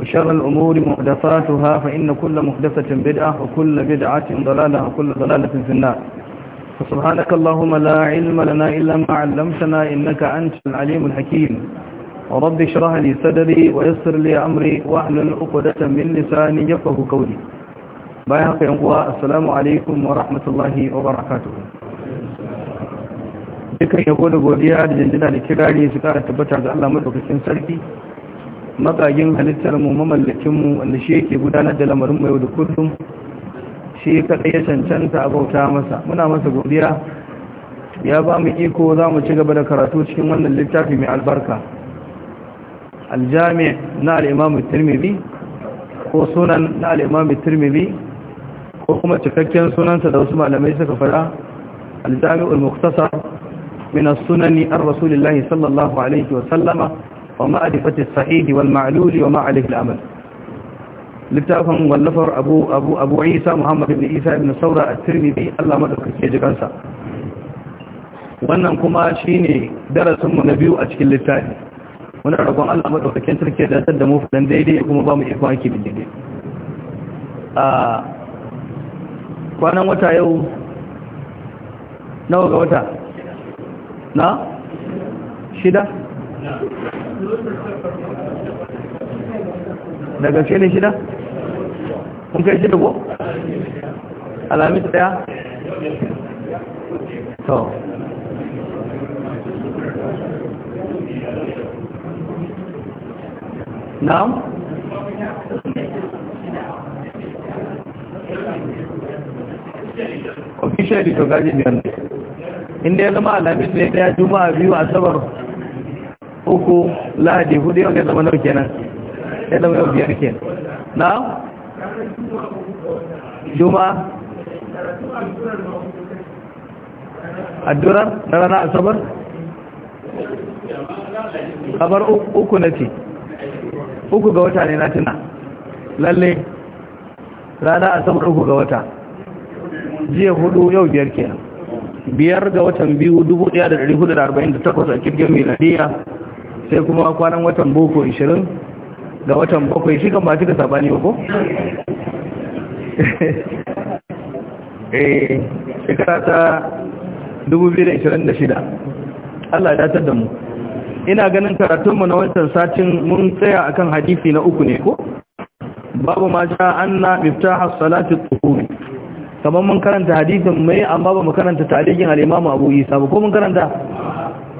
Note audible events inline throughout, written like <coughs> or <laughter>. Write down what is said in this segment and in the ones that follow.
وشر الأمور محدثاتها فإن كل محدثة بدعة وكل بدعة ضلالة وكل ضلالة في النار فسبحانك اللهم لا علم لنا إلا ما علمتنا إنك أنت العليم الحكيم ورب اشرح لي صدري ويسر لي أمري واحلل عقدة من لساني يفقه قولي بايحق ينقوى السلام عليكم ورحمة الله وبركاته dukan ya gode godiya da jinjina da kirari su kara tabbata ga Allah madaukakin sarki makagin halittar mu mamallakin mu wanda shi yake gudanar da lamarin mai da kullum shi kadai ya cancanta a bauta masa muna masa godiya ya ba mu iko za mu ci gaba da karatu cikin wannan littafi mai albarka aljami na al'imamu tirmidhi ko sunan na al'imamu tirmidhi ko kuma cikakken sunansa da wasu malamai suka fada aljami ul-muktasar min as-sunani ar-rasulillahi sallallahu alaihi wa sallama ومعرفة الصحيح والمعلول وما عليه العمل littafin wallafar abu abu abu isa muhammad ibn isa ibn saura a tirmidhi allah madaukake wannan kuma shine darasinmu na biyu a cikin littafi muna roƙon allah madaukakin sarki da tsada mu ya daidai kuma ba mu iko haki a kwanan wata yau nawa ga wata na shida da gaske ne shida? kun kai shida ko? alamis daya? to na'am? ofishiyar ito gajin yanzu inda ya zama alamis ne daya juma'a biyu a sabar uku lahadi hudu yau ya zama nau kenan ya zama yau biyar kenan na juma addurar na rana asabar kamar uku na ce uku ga wata ne na tuna lalle rana asabar uku ga wata jiya hudu yau biyar kenan biyar ga watan biyu dubu daya da dari hudu da arba'in da takwas a kirgin miladiya sai kuma kwanan watan boko 20 ga watan bakwai shi kan ba cika sabani ba ko? <laughs> eh shekara ta 2026 Allah ya tada da mu ina ganin karatunmu na watan satin mun tsaya akan hadisi na uku ne ko babu ma sha anna miftaha salati tuhuri kamar mun karanta hadisin mai amma ba mu karanta tarihin al-Imam Abu Isa ba ko mun karanta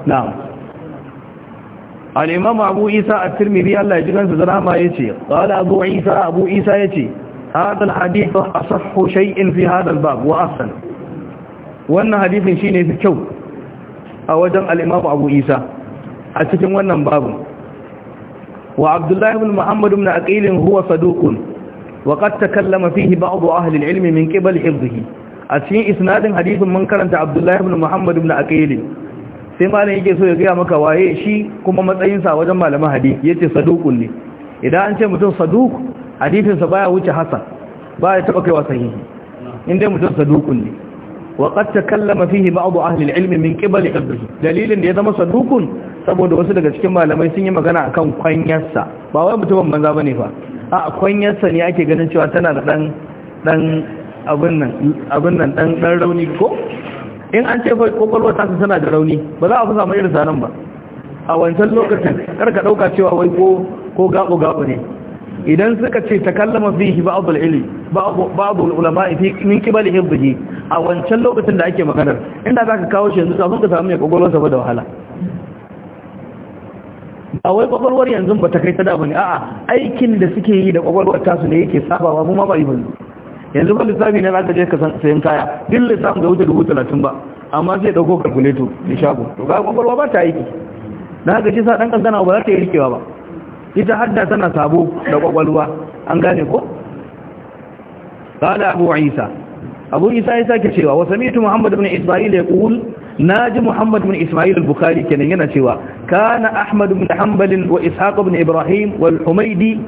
na'am al'imam abu isa a tirmidhi Allah ya ji kansa da ya ce ƙala abu isa abu isa ya ce hadal hadithu asahhu shay'in fi hadal babu wa ahsan wannan hadithin ne fi kyau a wajen al'imam abu isa a cikin wannan babu wa abdullahi ibn na ibn aqil huwa saduqun wa qad takallama fihi ba'd ahli al-ilm min qibal hifdhihi a cikin isnadin hadithin mun karanta abdullahi ibn na ibn aqil sai malam yake so ya gaya maka waye shi kuma matsayinsa wajen malaman hadisi yace saduqun ne idan an ce mutum saduq hadisinsa baya wuce hasan baya taba kaiwa sahihi dai mutum saduqun ne wa qad takallama fihi ba'd ahli al-ilm min qibal qadrihi dalilin da ya zama saduqun saboda wasu daga cikin malamai sun yi magana akan kwanyarsa ba wai mutumin banza bane fa a kwanyarsa ne ake ganin cewa tana da dan dan abin nan abun nan dan dan rauni ko in an ce kwakwalwar tasu suna da rauni ba za a fi samu irin sanan ba a wancan lokacin karka ɗauka cewa wai ko gaɓo-gaɓo ne idan suka ce ta kallama fihi ba'dul ilmi ba'dul ulama fi min kibali hibbihi a wancan lokacin da ake maganar inda zaka kawo shi yanzu kafin ka samu mai kogolon sa da wahala a wai kwakwalwar yanzu ba ta kai ta da bane a'a aikin da suke yi da kwakwalwar tasu ne yake sabawa mu ma ba yi bane yanzu ba lissafi ne za ka je ka sayan kaya duk lissafin da wuce dubu talatin ba amma zai dauko kalkuleto da shago to ga kwakwalwa ba ta aiki na haka shi sa ɗan kankana ba za ta yi rikewa ba ita hadda tana sabo da kwakwalwa an gane ko قال cewa عيسى أبو عيسى يساك شوى وسميت محمد بن إسماعيل يقول ناجي محمد بن إسماعيل البخاري كان ينا شوى كان أحمد بن حنبل وإسحاق بن إبراهيم والحميدي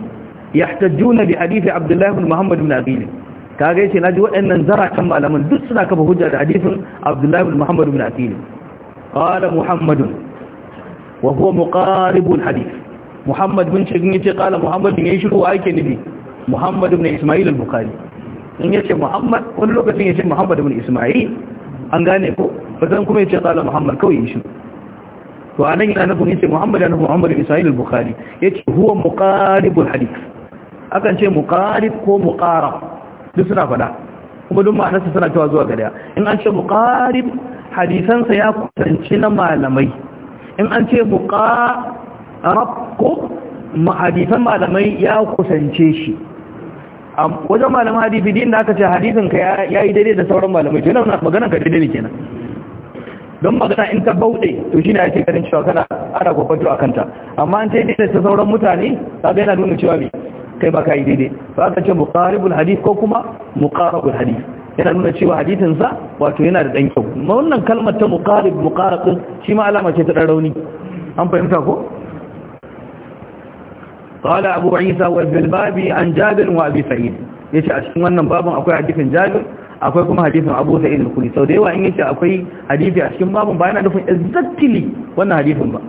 يحتجون بحديث عبد الله بن muhammad بن أبيل kaga yace naji waɗannan zarakan malaman duk suna kafa hujja da hadisin Abdullah ibn Muhammad ibn Atil qala Muhammad wa huwa muqarib alhadith Muhammad bin Shigin yace qala Muhammad ne shiru ake nabi Muhammad ibn Isma'il al-Bukhari in yace Muhammad wani lokacin yace Muhammad ibn Isma'il an gane ko bazan kuma yace qala Muhammad kawai yace to anan yana nufin yace Muhammad annabi Muhammad ibn Isma'il al-Bukhari yace huwa muqarib alhadith akan ce muqarib ko muqarab duk suna faɗa kuma duk ma'anarsa suna cewa zuwa gariya in an ce muqarib hadisansa ya kusanci na malamai in an ce muqarab ko hadisan malamai ya kusance shi wajen malamai hadisi din da aka ce hadisin ka ya yi daidai da sauran malamai to na magana ka daidai ne kenan don magana in ta bauɗe to shi ne ake ganin cewa kana ana kwakwato a kanta amma an ce daidai da sauran mutane ta gaina yana nuna cewa me kai baka yi daidai ba ka ce muqaribul hadith ko kuma muqarabul hadith yana nuna cewa hadithin sa wato yana da dan kyau amma wannan kalmar ta muqarib muqarab din shi ma alama ce ta dan rauni an fahimta ko قال أبو عيسى والبلباب عن جابر وأبي سعيد yace a cikin wannan babin akwai hadisin Jabir akwai kuma hadisin Abu Sa'id al-Khudri sau da yawa in yace akwai hadisi a cikin babin ba yana nufin exactly wannan hadisin ba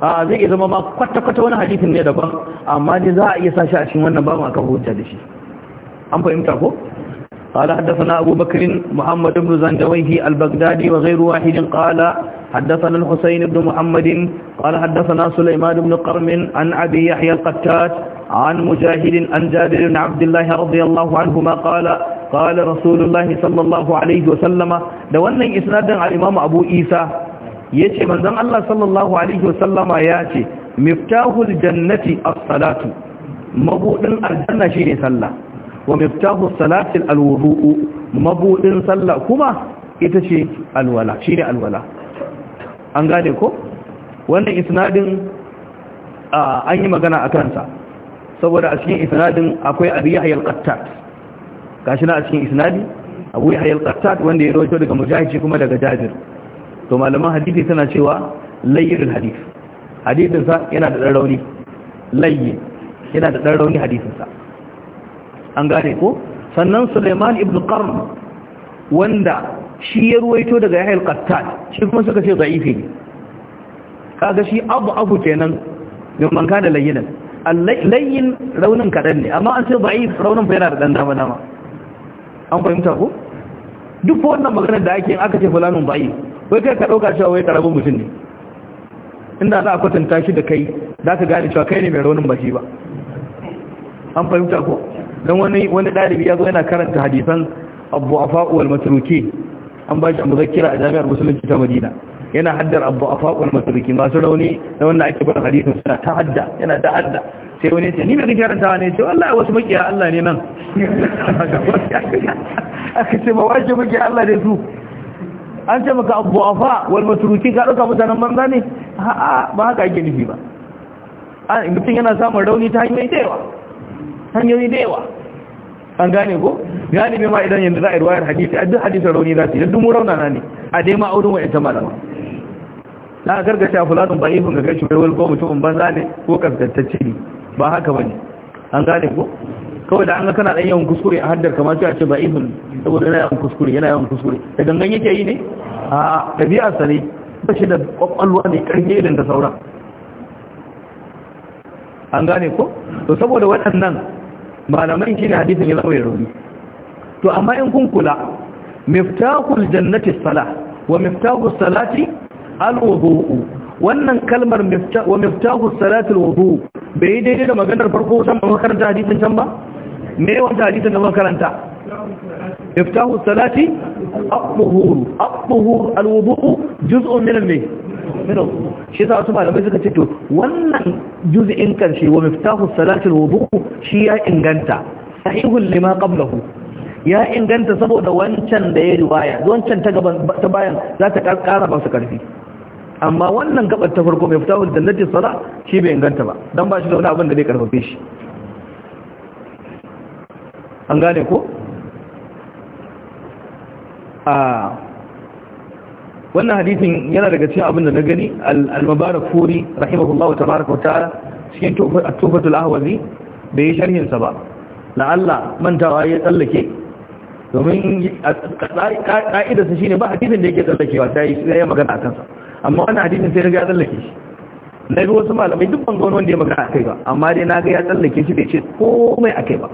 a zai iya zama ma kwata-kwata wani hadisin ne daban amma dai za a iya sa shi a cikin wannan babu aka hujja da shi an fahimta ko قال حدثنا أبو بكر محمد بن زنجويه البغدادي وغير واحد قال حدثنا الحسين بن محمد قال حدثنا سليمان بن قرم عن أبي يحيى القتات عن مجاهد عن جابر بن عبد الله رضي الله عنهما قال قال رسول الله صلى الله عليه وسلم دولنا إسنادا على الإمام أبو إيسى ya ce manzan Allah sallallahu Alaihi wasallama ya ce miftahul jannati as-salatu mabudin aljanna ne sallah wa miftahul salatil al-wudu mabudin sallah kuma ita ce alwala ne alwala an gane ko wannan isnadin an yi magana a kansa saboda a cikin isnadin akwai abu yahya al-qattat gashi na a cikin isnadi abu yahya al-qattat wanda ya rawaito daga mujahid kuma daga jabir to malaman hadisi suna cewa layyirin hadith hadisinsa yana da ɗan rauni layyi yana da ɗan rauni hadisinsa an gane ko sannan suleiman ibn qarn wanda shi ya ruwaito daga yahya al-qattan shi kuma suka ce da'ifi ne kaga shi abu abu kenan min man da layyinan layyin raunin kadan ne amma an ce da'if raunin fa yana da dan dama dama an fahimta ko duk wannan maganar da ake aka ce fulanin da'if wai kai ka ɗauka cewa wai ƙaramin mutum ne inda za a kwatanta shi da kai za ka gane cewa kai ne mai raunin bashi ba an fahimta ko don wani wani ɗalibi ya zo yana karanta hadisan abu a wal matruki an ba shi a muzakkira a jami'ar musulunci ta madina yana haddar abu a wal matruki masu rauni na wanda ake bar hadisan suna ta hadda yana ta hadda sai wani ce ni mai kake karanta ne ce wallahi wasu makiya Allah ne nan <laughs> aka ce ba wace makiya Allah ne su an ce maka abu afa wal maturuki ka ɗauka mutanen banza ne a'a ba haka ake nufi ba mutum yana samun rauni ta hanyoyi da yawa hanyoyi da yawa an gane ko Gane ne ma idan yanzu za a ruwayar hadisi a duk hadisin rauni za su yi duk mu na ne a dai ma auren wa'in ta malama za a gargasha fulanin ba ifin ga gashi wai ko mutumin banza ne ko kaskantacce ne ba haka ba ne an gane ko kawai da an ga kana dan yawan kuskure a haddar kamar a ce ba ibn saboda yana yawan kuskure yana yawan kuskure da gangan yake yi ne a ɗabi'ar sa ne ba shi da kwakwalwa ne karfi irin da sauran an gane ko to saboda waɗannan malamai shi ne hadisin ya zama ya rauni to amma in kun kula miftahul jannati Sala wa Miftakul salati alwudu wannan kalmar wa miftahus salati alwudu bai daidai da maganar farko san makarantar hadisin can ba me wanda hadisin da muka karanta iftahu salati at-tuhur at-tuhur al-wudu juz'un min al-may min al-wudu shi ta wasu malamai suka ce to wannan juz'in karshe wa miftahu salati al shi ya inganta sahihul lima qablahu ya inganta saboda wancan da ya riwaya wancan ta gaban ta bayan za ta kara ba su karfi amma wannan gabar ta farko mai fitawar da lati sala shi bai inganta ba dan ba shi da wani abin da zai karfafe shi an gane ko a wannan hadisin yana daga cikin abin da na gani al-mubarak furi rahimahullahu tabaraka wa ta'ala cikin tufatul ahwazi da ya sharhin sa ba la'alla mantawa ya tsallake domin ka'idarsa shine ba hadisin da yake tsallakewa sai ya magana akan sa amma wannan hadisin sai ya tsallake shi na ga wasu malamai duk wani wanda ya magana a kai ba amma dai na ga ya tsallake shi bai ce komai a kai ba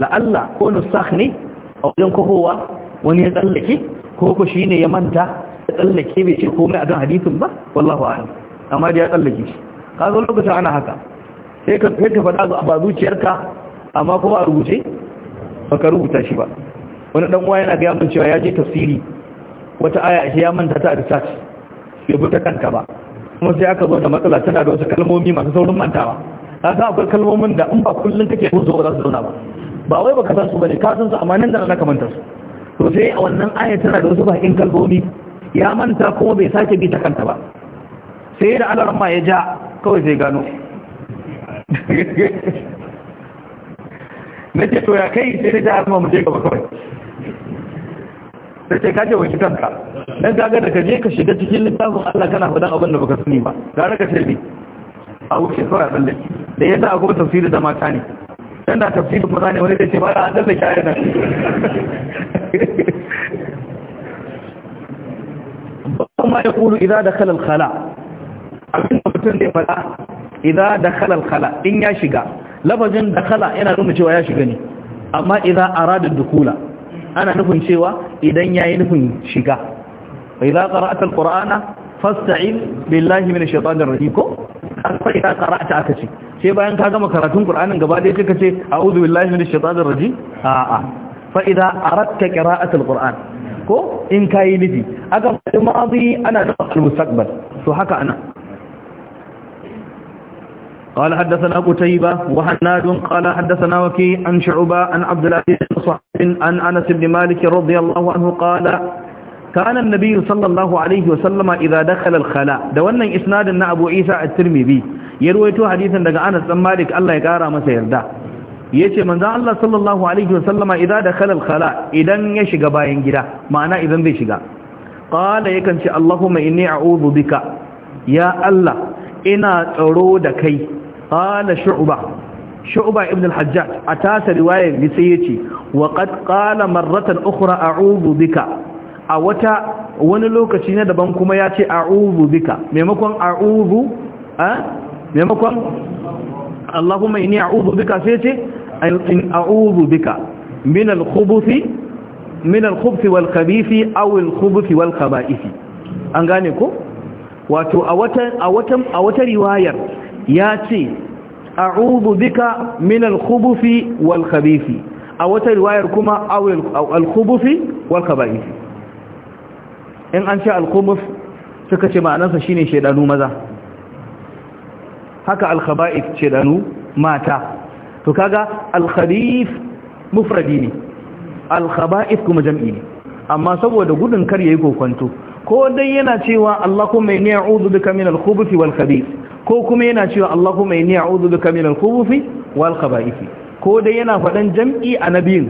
la'alla ko nusakh ne a wajen kohowa wani ya tsallake ko ko shine ya manta ya tsallake bai ce komai a don hadisin ba wallahu a'lam amma da ya tsallake shi zo lokacin ana haka sai ka sai ka faɗa a ba zuciyarka amma kowa a rubuce baka rubuta shi ba wani dan uwa yana ga mun cewa ya je tafsiri wata aya a ya manta ta a research ya kanta ba kuma sai aka zo da matsala tana da wasu kalmomi masu saurin mantawa ta sa akwai kalmomin da in ba kullum kake so ba za su zauna ba ba wai baka san su bane ka san su amma nan da na ka manta su to sai a wannan ayat tana da wasu bakin kalbobi ya manta kuma bai sake bi ta kanta ba sai da Allah ramma ya ja kawai zai gano <laughs> nace to ya kai sai da Allah mu je gaba kawai sai ka je wanki kanka dan kaga da kaje ka shiga cikin littafin Allah kana fadan abin da baka sani ba gara ka sai bi a wuce kawai abin da yasa akwai tafsiri da mata ne tana tafsirin maza ne wani da ce ba a zalla shayar nan ba ma ya kuru idan da kalal khala abin da mutum zai faɗa idan da kalal khala in ya shiga lafazin da kala yana nuna cewa ya shiga ne amma idan arada dukula ana nufin cewa idan yayi nufin shiga fa idan qara'ata alqur'ana fasta'in billahi minash shaitanir rajim ko fa idan aka akaci sai bayan ka gama karatun qur'anin gaba ɗaya sai ka ce a'udhu billahi minash shaitanir rajim a'a fa idza aradta qira'atul qur'an ko in kayi nufi aka faɗi ma'adi ana da al-mustaqbal to haka ana قال حدثنا قتيبة وحناد قال حدثنا وكي عن شعبة عن عبد العزيز صحب عن أنس بن مالك رضي الله عنه قال كان النبي صلى الله عليه وسلم إذا دخل الخلاء دولنا إسناد أبو عيسى الترمذي ya ruwaito hadisin daga Anas dan Malik Allah ya kara masa yarda yace manzo Allah sallallahu alaihi wasallama idan dakhala al-khala idan ya shiga bayan gida ma'ana idan zai shiga qala yakan ce Allahumma inni a'udhu bika ya Allah ina tsaro da kai qala shu'ba shu'ba ibn al-hajjaj a tasa riwaya ne sai yace wa qad qala marratan ukhra a'udhu bika a wata wani lokaci na daban kuma yace a'udhu bika maimakon a'udhu eh, maimakon Allahumma inni a'udhu bika sai ce in a'udhu bika min al-khubuthi min al-khubuthi wal khabithi aw al-khubuthi wal khaba'ith an gane ko wato a wata a wata a wata riwayar ya ce a'udhu bika min al-khubuthi wal khabithi a wata riwayar kuma aw al-khubuthi wal khaba'ith in an ce al-khubuth suka ce ma'anarsa shine shedanu maza haka alkhaba'if ce danu mata to kaga alkhabif mufradi ne alkhaba'if kuma jam'i ne amma saboda gudun kar yayi kokonto ko dai yana cewa Allahumma inni a'udhu bika min al-khubuthi wal khabith ko kuma yana cewa Allahumma inni a'udhu bika min al-khubuthi wal khaba'ith ko dai yana fadan jam'i annabiyin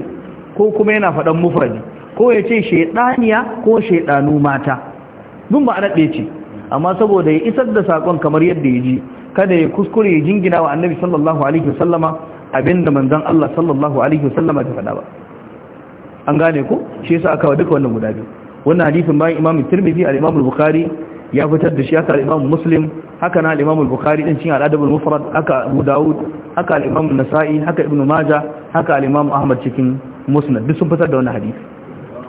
ko kuma yana fadan mufradi ko yace shaydaniya ko shaydanu mata dun ba ana ce amma saboda ya isar da sakon kamar yadda ya ji kada ya kuskure ya jingina wa annabi sallallahu alaihi wasallama abinda manzon Allah sallallahu alaihi wasallama ta faɗa ba an gane ko shi yasa aka wa duka wannan guda biyu wannan hadisin bayan Imam Tirmidhi al-Imam al-Bukhari ya fitar da shi haka al-Imam Muslim haka na al-Imam al-Bukhari din cikin al-Adab mufrad haka Abu Dawud haka al-Imam nasai haka Ibn Majah haka al-Imam Ahmad cikin Musnad duk sun fitar da wannan hadisi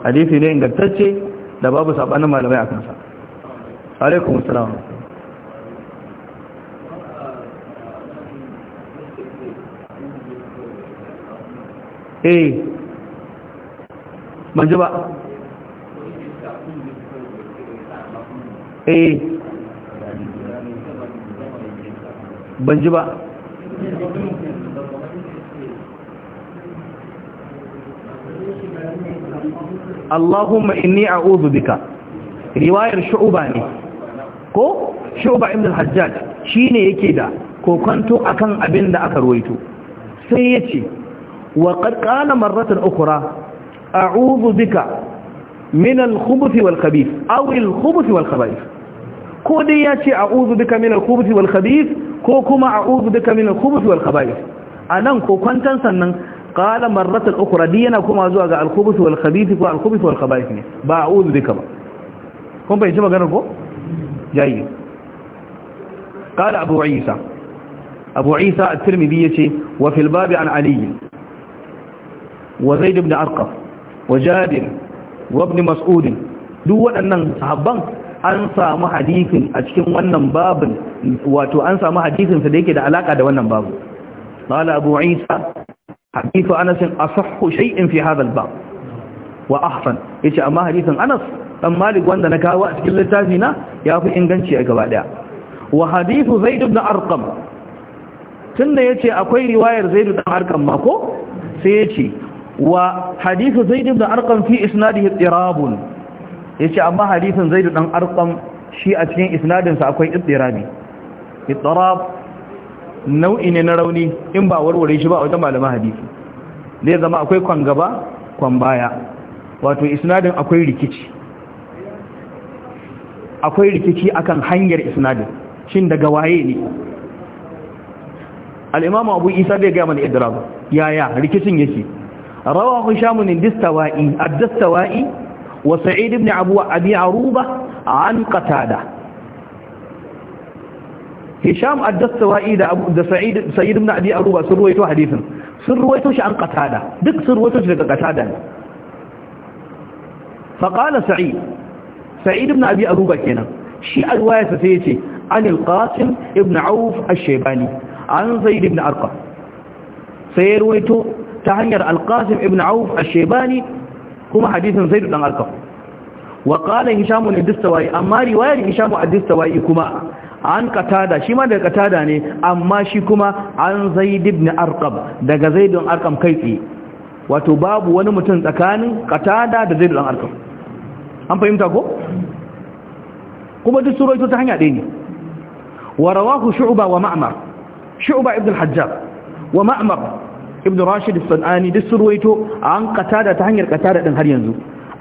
hadisi ne ingantacce da babu sabanin malamai akan sa alaikum assalam eh ban ji ba eh ban ji ba Allahumma inni bika riwayar shu'ba ne ko shu'ba ibn al-hajjaj shine yake da kokanto akan abin da aka ruwaito sai yace وقد قال مرة أخرى أعوذ بك من الخبث والخبيث أو الخبث والخبائث كودي ياتي أعوذ بك من الخبث والخبيث كوكما أعوذ بك من الخبث والخبائث أنا كوكوانتا سنن قال مرة أخرى دينا كما زوغا الخبث والخبيث والخبث والخبائث با أعوذ بك با كم بيجي مغانا كو جاي قال أبو عيسى أبو عيسى الترمذي يتي وفي الباب عن علي وزيد بن أرقف وجابر وابن مسعود duk waɗannan sahabban an samu hadisin a cikin wannan babin wato an samu hadisinsa da yake da alaƙa da wannan babu qala abu isa hadithu anas asahhu shay'in fi hadha al-bab wa ahsan yace amma hadisin anas ɗan malik wanda na kawo a cikin littafi na fi inganci a gaba ɗaya, wa hadithu zaid ibn arqam tunda ce akwai riwayar zaid ibn arqam ma ko sai ce. Wa وحديث زيد بن أرقم في إسناده amma يشي أما حديث زيد بن أرقم شيء أتنين إسناد akwai اضطرابي اضطراب nau'i ne na rauni in ba warware shi ba wata malaman hadisi zai zama akwai kwan gaba kwan baya wato isnadin akwai rikici akwai rikici akan hanyar isnadin shin daga waye ne al'imamu abu isa bai gaya mana idrab yaya rikicin yake rawa a indistawa'i addistawa'i wa sa'id ibn abi aruba an qatada da abu da abi aruba sun ruwaito hadisin sun ruwaito shi an qatada duk sun ruwaito shi daga qatada fa qala sa'id sa'id ibn abi aruba kenan shi alwaya sa sai yace an alqasim ibn auf ash-shaybani an zaid ibn arqam sai ruwaito ta hanyar alqasim ibn auf ash-shaybani kuma hadisin zai dan arqam wa qala hisham ibn distawai amma riwayar hisham ibn distawai kuma an katada shi ma daga katada ne amma shi kuma an zaid ibn arqam daga zaid ibn arqam kai tsaye wato babu wani mutum tsakanin katada da zaid ibn arqam an fahimta ko kuma duk suroito ta hanya ɗaya ne wa rawahu shu'ba wa ma'mar shu'ba ibn al-hajjab wa ma'mar ibn rashid sanani duk sun ruwaito an qatada ta hanyar qatada din har yanzu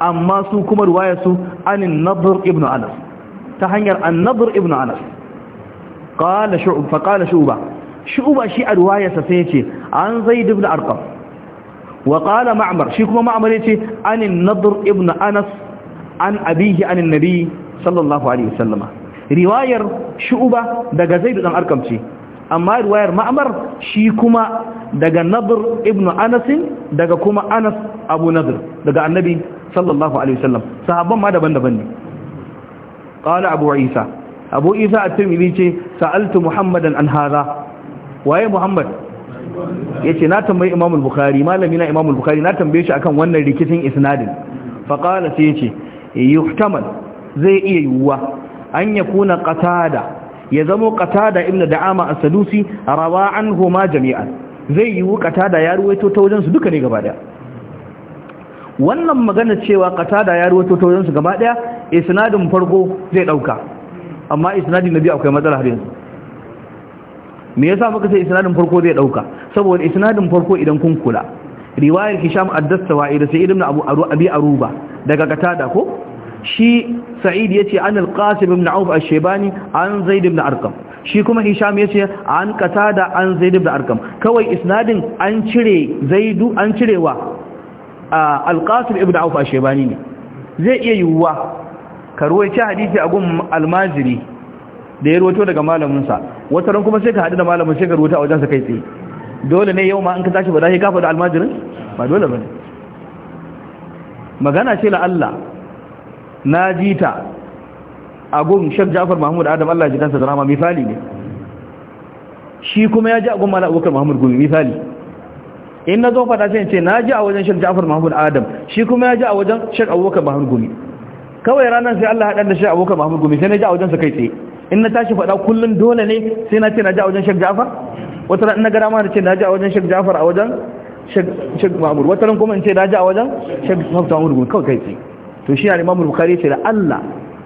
amma su kuma ruwaya su anin nadr ibn anas ta hanyar an-nadr ibn anas qala shu'b fa qala shu'ba shu'ba shi a ruwaya sa sai yace an zaid ibn arqam wa qala ma'mar shi kuma ma'mar yace anin nadr ibn anas an abihi anin nabi sallallahu alaihi wasallama riwayar shu'ba daga zaid ibn arqam ce amma ruwayar ma'amar shi kuma daga nadr ibnu Anasin daga kuma anas abu nadr daga annabi sallallahu alaihi wasallam sahabban ma daban-daban ne qala abu isa abu isa at-tirmidhi ce sa'altu muhammadan an hadha waye muhammad yace na tambayi imam al-bukhari malami na imam al-bukhari na tambaye shi akan wannan rikicin isnadin fa qala sai yace yuhtamal zai iya yuwa an yakuna qatada ya zamo qatada ibn da'ama as-sadusi rawa ma jami'an zai yiwu qatada ya ruwaito ta wajen su duka ne gaba daya wannan magana cewa qatada ya ruwaito ta wajen su gaba daya isnadin farko zai dauka amma isnadin nabi akwai matsala har yanzu me yasa muka ce isnadin farko zai dauka saboda isnadin farko idan kun kula riwayar hisham ad-dastawi da sai ibn abu abi aruba daga qatada ko shi sa'id ce an al ibn auf a shebani an zaid ibn arkam shi kuma hisham ce an da an zaid ibn arkam kawai isnadin an cire zaidu an cirewa al ibn auf a shebani ne zai iya yiwuwa ka ruwaice hadisi a gun almajiri da ya ruwato daga malaminsa wata ran kuma sai ka haɗu da malamin sai ka ruwata a wajensa kai tsaye dole ne yau ma an ka tashi ba za ka kafa da almajirin ba dole ba ne magana ce la Allah na ji ta a gun shek jafar mahmud adam allah ji kansa da rama misali ne shi kuma ya ji a gun mala abokan mahmud gumi misali in na zo fata sai ce na ji a wajen shek jafar mahmud adam shi kuma ya ji a wajen shek abokan mahmud gumi kawai ranar sai allah haɗar da shek abokan mahmud gumi sai na ji a wajen sa kai tsaye in na tashi faɗa kullum dole ne sai na ce na ji a wajen shek jafar wata ran na gara ma ce na ji a wajen shek jafar a wajen shek mahmud wata ran kuma in ce na ji a wajen shek mahmud gumi kawai kai tsaye to shi al-imam al-bukhari ce da Allah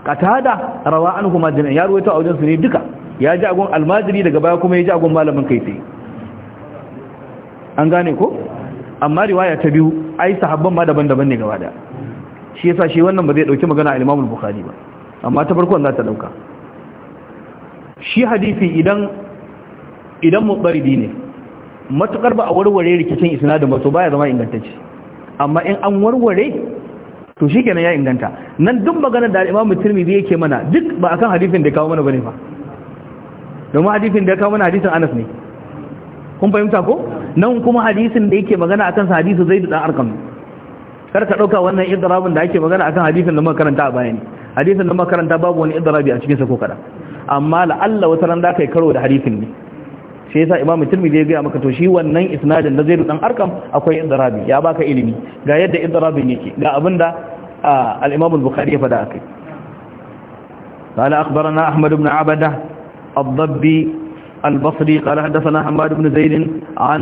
qatada rawa anhu majmu'an ya ruwaito a wajen su ne duka ya ji agon almajiri daga baya kuma ya ji agon malamin kai an gane ko amma riwaya ta biyu ai sahabban ma daban-daban ne gaba da shi yasa shi wannan ba zai dauki magana al-Imam al-Bukhari ba amma ta farkon za ta dauka shi hadisi idan idan mubaridi ne matukar ba a warware rikicin isnadin ba to baya zama ingantacce amma in an warware to shi kenan ya inganta nan duk maganar da imamu tirmidhi yake mana duk ba akan hadisin da ya kawo mana bane ba domin hadisin da ya kawo mana hadisin anas ne kun fahimta ko nan kuma hadisin da yake magana akan sa hadisi zaid da arqam kar ka dauka wannan idrabin da ake magana akan hadisin da muka karanta a baya ne hadisin da muka karanta babu wani idrabi a cikin sa ko kada amma la'alla wata ran da kai karo da hadisin ne shi yasa imamu tirmidhi ya gaya maka to shi wannan isnadin da zai dan arkam akwai idrabi ya baka ilimi ga yadda idrabin yake ga abinda al-imam al-bukhari ya fada akai قال أخبرنا أحمد بن عبدة الضبي البصري قال حدثنا حماد بن زيد عن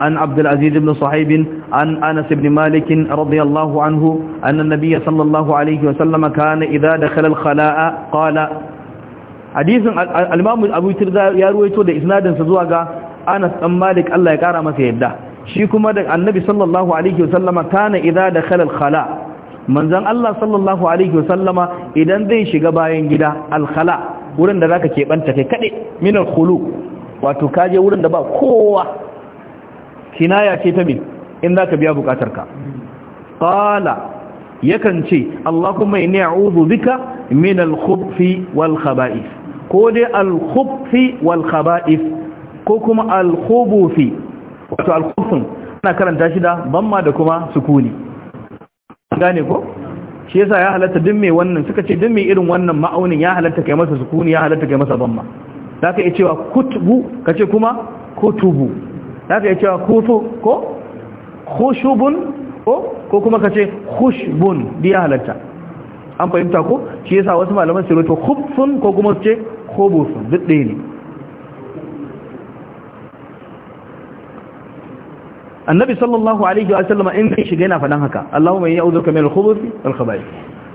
عن عبد العزيز بن صهيب عن انس بن مالك رضي الله عنه أن النبي صلى الله عليه وسلم كان إذا دخل الخلاء قال hadisin al-imamu abu ya ruwaito da isnadinsa zuwa ga anas dan malik Allah ya kara masa yadda shi kuma da annabi sallallahu alaihi wasallama kana idza dakhala al-khala manzon Allah sallallahu alaihi wasallama idan zai shiga bayan gida al-khala wurin da zaka keɓanta kai kade min al-khulu wato kaje wurin da ba kowa kinaya ce ta min in zaka biya ka qala yakan ce Allahumma inni a'udhu bika min al-khubthi wal khaba'ith ko dai al-khubthi wal khaba'ith ko kuma al-khubuthi wato al ana karanta shi da bamma da kuma sukuni gane ko shi yasa ya halatta duk wannan suka ce duk irin wannan ma'aunin ya halatta kai masa sukuni ya halatta kai masa bamma zaka iya cewa kutbu kace kuma kutubu zaka iya cewa kutu ko khushubun ko ko kuma kace khushbun diya halatta an fahimta ko shi yasa wasu malaman su rubuta ko kuma su ce ko boson duk ɗaya ne annabi sallallahu alaihi wa sallama in kai shiga yana faɗan haka Allahumma mai yi auzurka mai khubuthi wal khaba'ith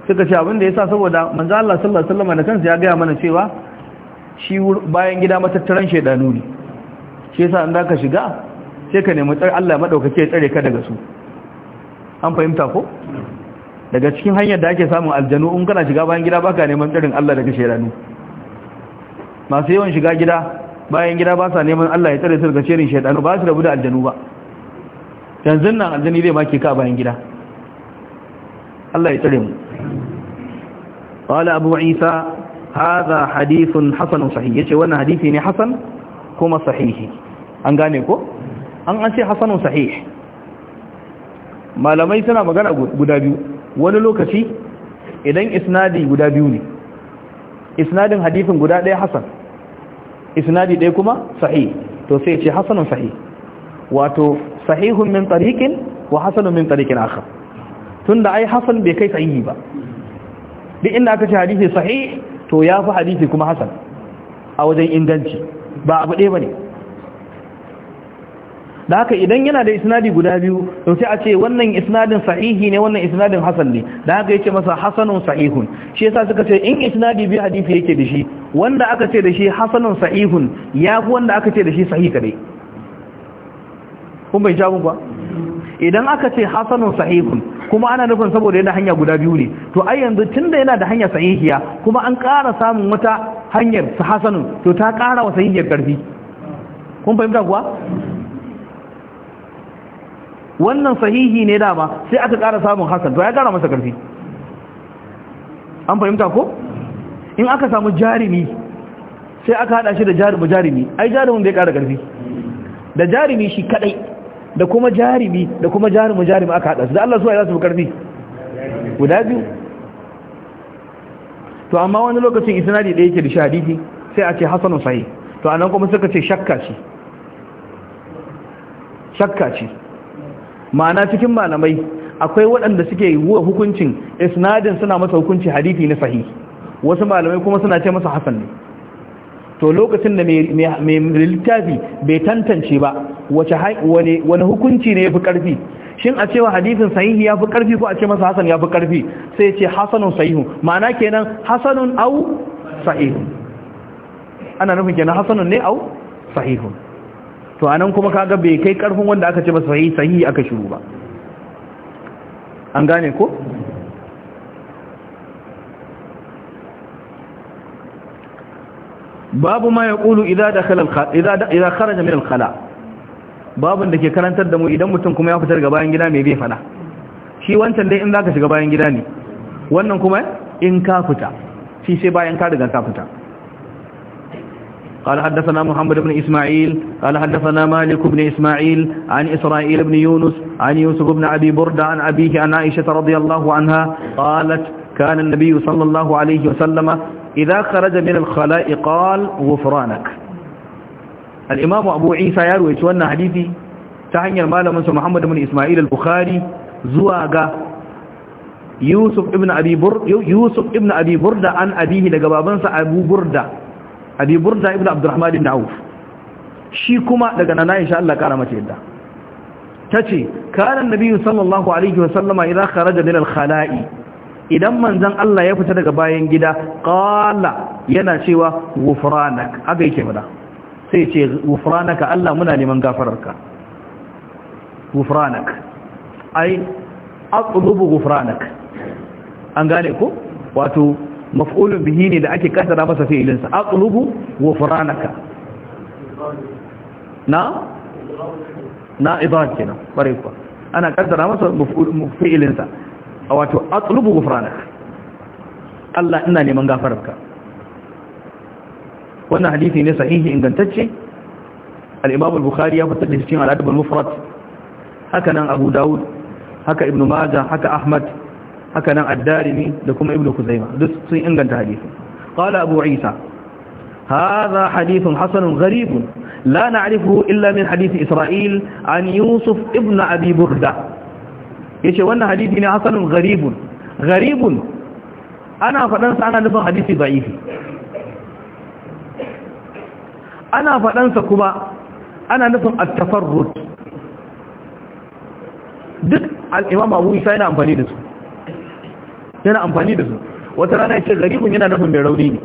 suka ce abinda sa saboda manzo Allah sallallahu alaihi wa sallama da kansa ya gaya mana cewa shi bayan gida matattaran shaidanu ne shi yasa an zaka shiga sai ka nemi tsare Allah madaukake ya tsare ka daga su an fahimta ko daga cikin hanyar da ake samun aljanu in kana shiga bayan gida baka neman tsarin Allah daga shaidanu masu yawan shiga gida bayan gida ba sa neman Allah ya tsare su daga cerin shaidanu ba su rabu da aljanu ba yanzu nan aljani zai make ka bayan gida Allah ya tsare mu qala abu isa hadha hadithun hasan sahih yace wannan hadisi ne hasan kuma sahihi an gane ko an an ce hasan sahih malamai suna magana guda biyu wani lokaci idan isnadi guda biyu ne isnadin hadisin guda ɗaya hasan isnadi ɗaya kuma sahih to sai ce hasanun sahih wato sahihun min tariqin wa hasanun min tariqin akhar tunda ai hasan bai kai sahihi ba duk inda aka ce hadisi sahih to ya fi hadisi kuma hasan a wajen inganci ba abu ɗaya bane da haka idan yana da isnadi guda biyu to sai a ce wannan isnadin sahihi ne wannan isnadin hasan ne da haka yace masa hasanun sahihun shi yasa suka ce in isnadi biyu hadisi yake da shi wanda aka ce da shi hasanun sahihun yafi wanda aka ce da shi sahih kadai kun bai ja mun ba idan aka ce hasanun sahihun kuma ana nufin saboda yana hanya guda biyu ne to ai yanzu tunda yana da hanya sahihiya kuma an ƙara samun wata hanyar hasanun to ta ƙara wa sahihiyar ƙarfi kun fahimta kuwa wannan sahihi ne dama sai aka ƙara samun hasan to ya ƙara masa ƙarfi an fahimta ko in aka samu jarumi sai aka haɗa shi da jarimi jarumi ai jarumin bai ƙara ƙarfi da jarumi shi kaɗai da kuma jarumi da kuma jarumi jarimi aka haɗa su da Allah suwa ya su ƙarfi guda biyu to amma wani lokacin isnadi da yake da shi hadisi sai a ce hasanun sahih to anan kuma suka ce shakka ce shakka ce ma'ana cikin malamai akwai waɗanda suke hukuncin isnadin suna masa hukunci hadithi na sahi wasu malamai kuma suna ce masa hasan ne to lokacin da mai littafi bai tantance ba wace wani hukunci ne ya fi ƙarfi shin a cewa hadithin sahihi ya fi ƙarfi ko a ce masa hasan ya fi ƙarfi sai ce hasanun sahihu ma'ana kenan hasanun au sahihun ana nufin kenan hasanun ne au sahihun to anan kuma kaga bai kai karfin wanda aka ce ba sahihi sahihi aka shiru ba an gane ko babu ma yaqulu idza dakhala idza idza kharaja min al-khala babun dake karantar da mu idan mutum kuma ya fitar ga bayan gida me bai fada shi wancan dai in zaka shiga bayan gida ne wannan kuma in ka fita shi sai bayan ka riga ka fita قال حدثنا محمد بن إسماعيل قال حدثنا مالك بن إسماعيل عن إسرائيل بن يونس عن يوسف بن أبي بردة عن أبيه عن عائشة رضي الله عنها قالت كان النبي صلى الله عليه وسلم إذا خرج من الخلاء قال غفرانك الإمام أبو عيسى يروي شوانا حديثي تحني المال محمد بن إسماعيل البخاري زواغا يوسف ابن أبي برد يوسف ابن أبي بردة عن أبيه لقبابنس أبو بردة abi burda ibn abdurrahman ibn auf shi kuma daga nana insha Allah kara mace yadda tace kana annabi sallallahu alaihi wasallama idan kharaja min al-khala'i idan manzon Allah ya fita daga bayan gida qala yana cewa ghufranak haka yake fada sai ce ghufranaka Allah muna neman gafararka ghufranak ai atlubu ghufranak an gane ko wato maf'ulun bihi ne da ake kasara masa fi'ilinsa aqlubu ghufranaka na na idan kina bare kuwa ana kasara masa fi'ilinsa wato aqlubu ghufranaka Allah ina neman gafararka wannan hadisi ne sahihi ingantacce al-Imam al-Bukhari ya fitar da shi cikin al-Adab al-Mufrad haka nan Abu Dawud haka Ibn Majah haka Ahmad haka nan addarimi da kuma ibnu kuzaima duk sun inganta hadisin qala abu isa هذا حديث حسن غريب la نعرفه إلا من حديث إسرائيل عن يوسف ابن أبي بردة yace wannan hadisi ne hasanun gharibun gharibun ana fadan sa ana nufin hadisi da'ifi ana fadan sa kuma ana nufin at-tafarrud duk al-imam Abu Isa yana amfani da su yana amfani da su wata rana ya ce garibun yana nufin mai rauni ne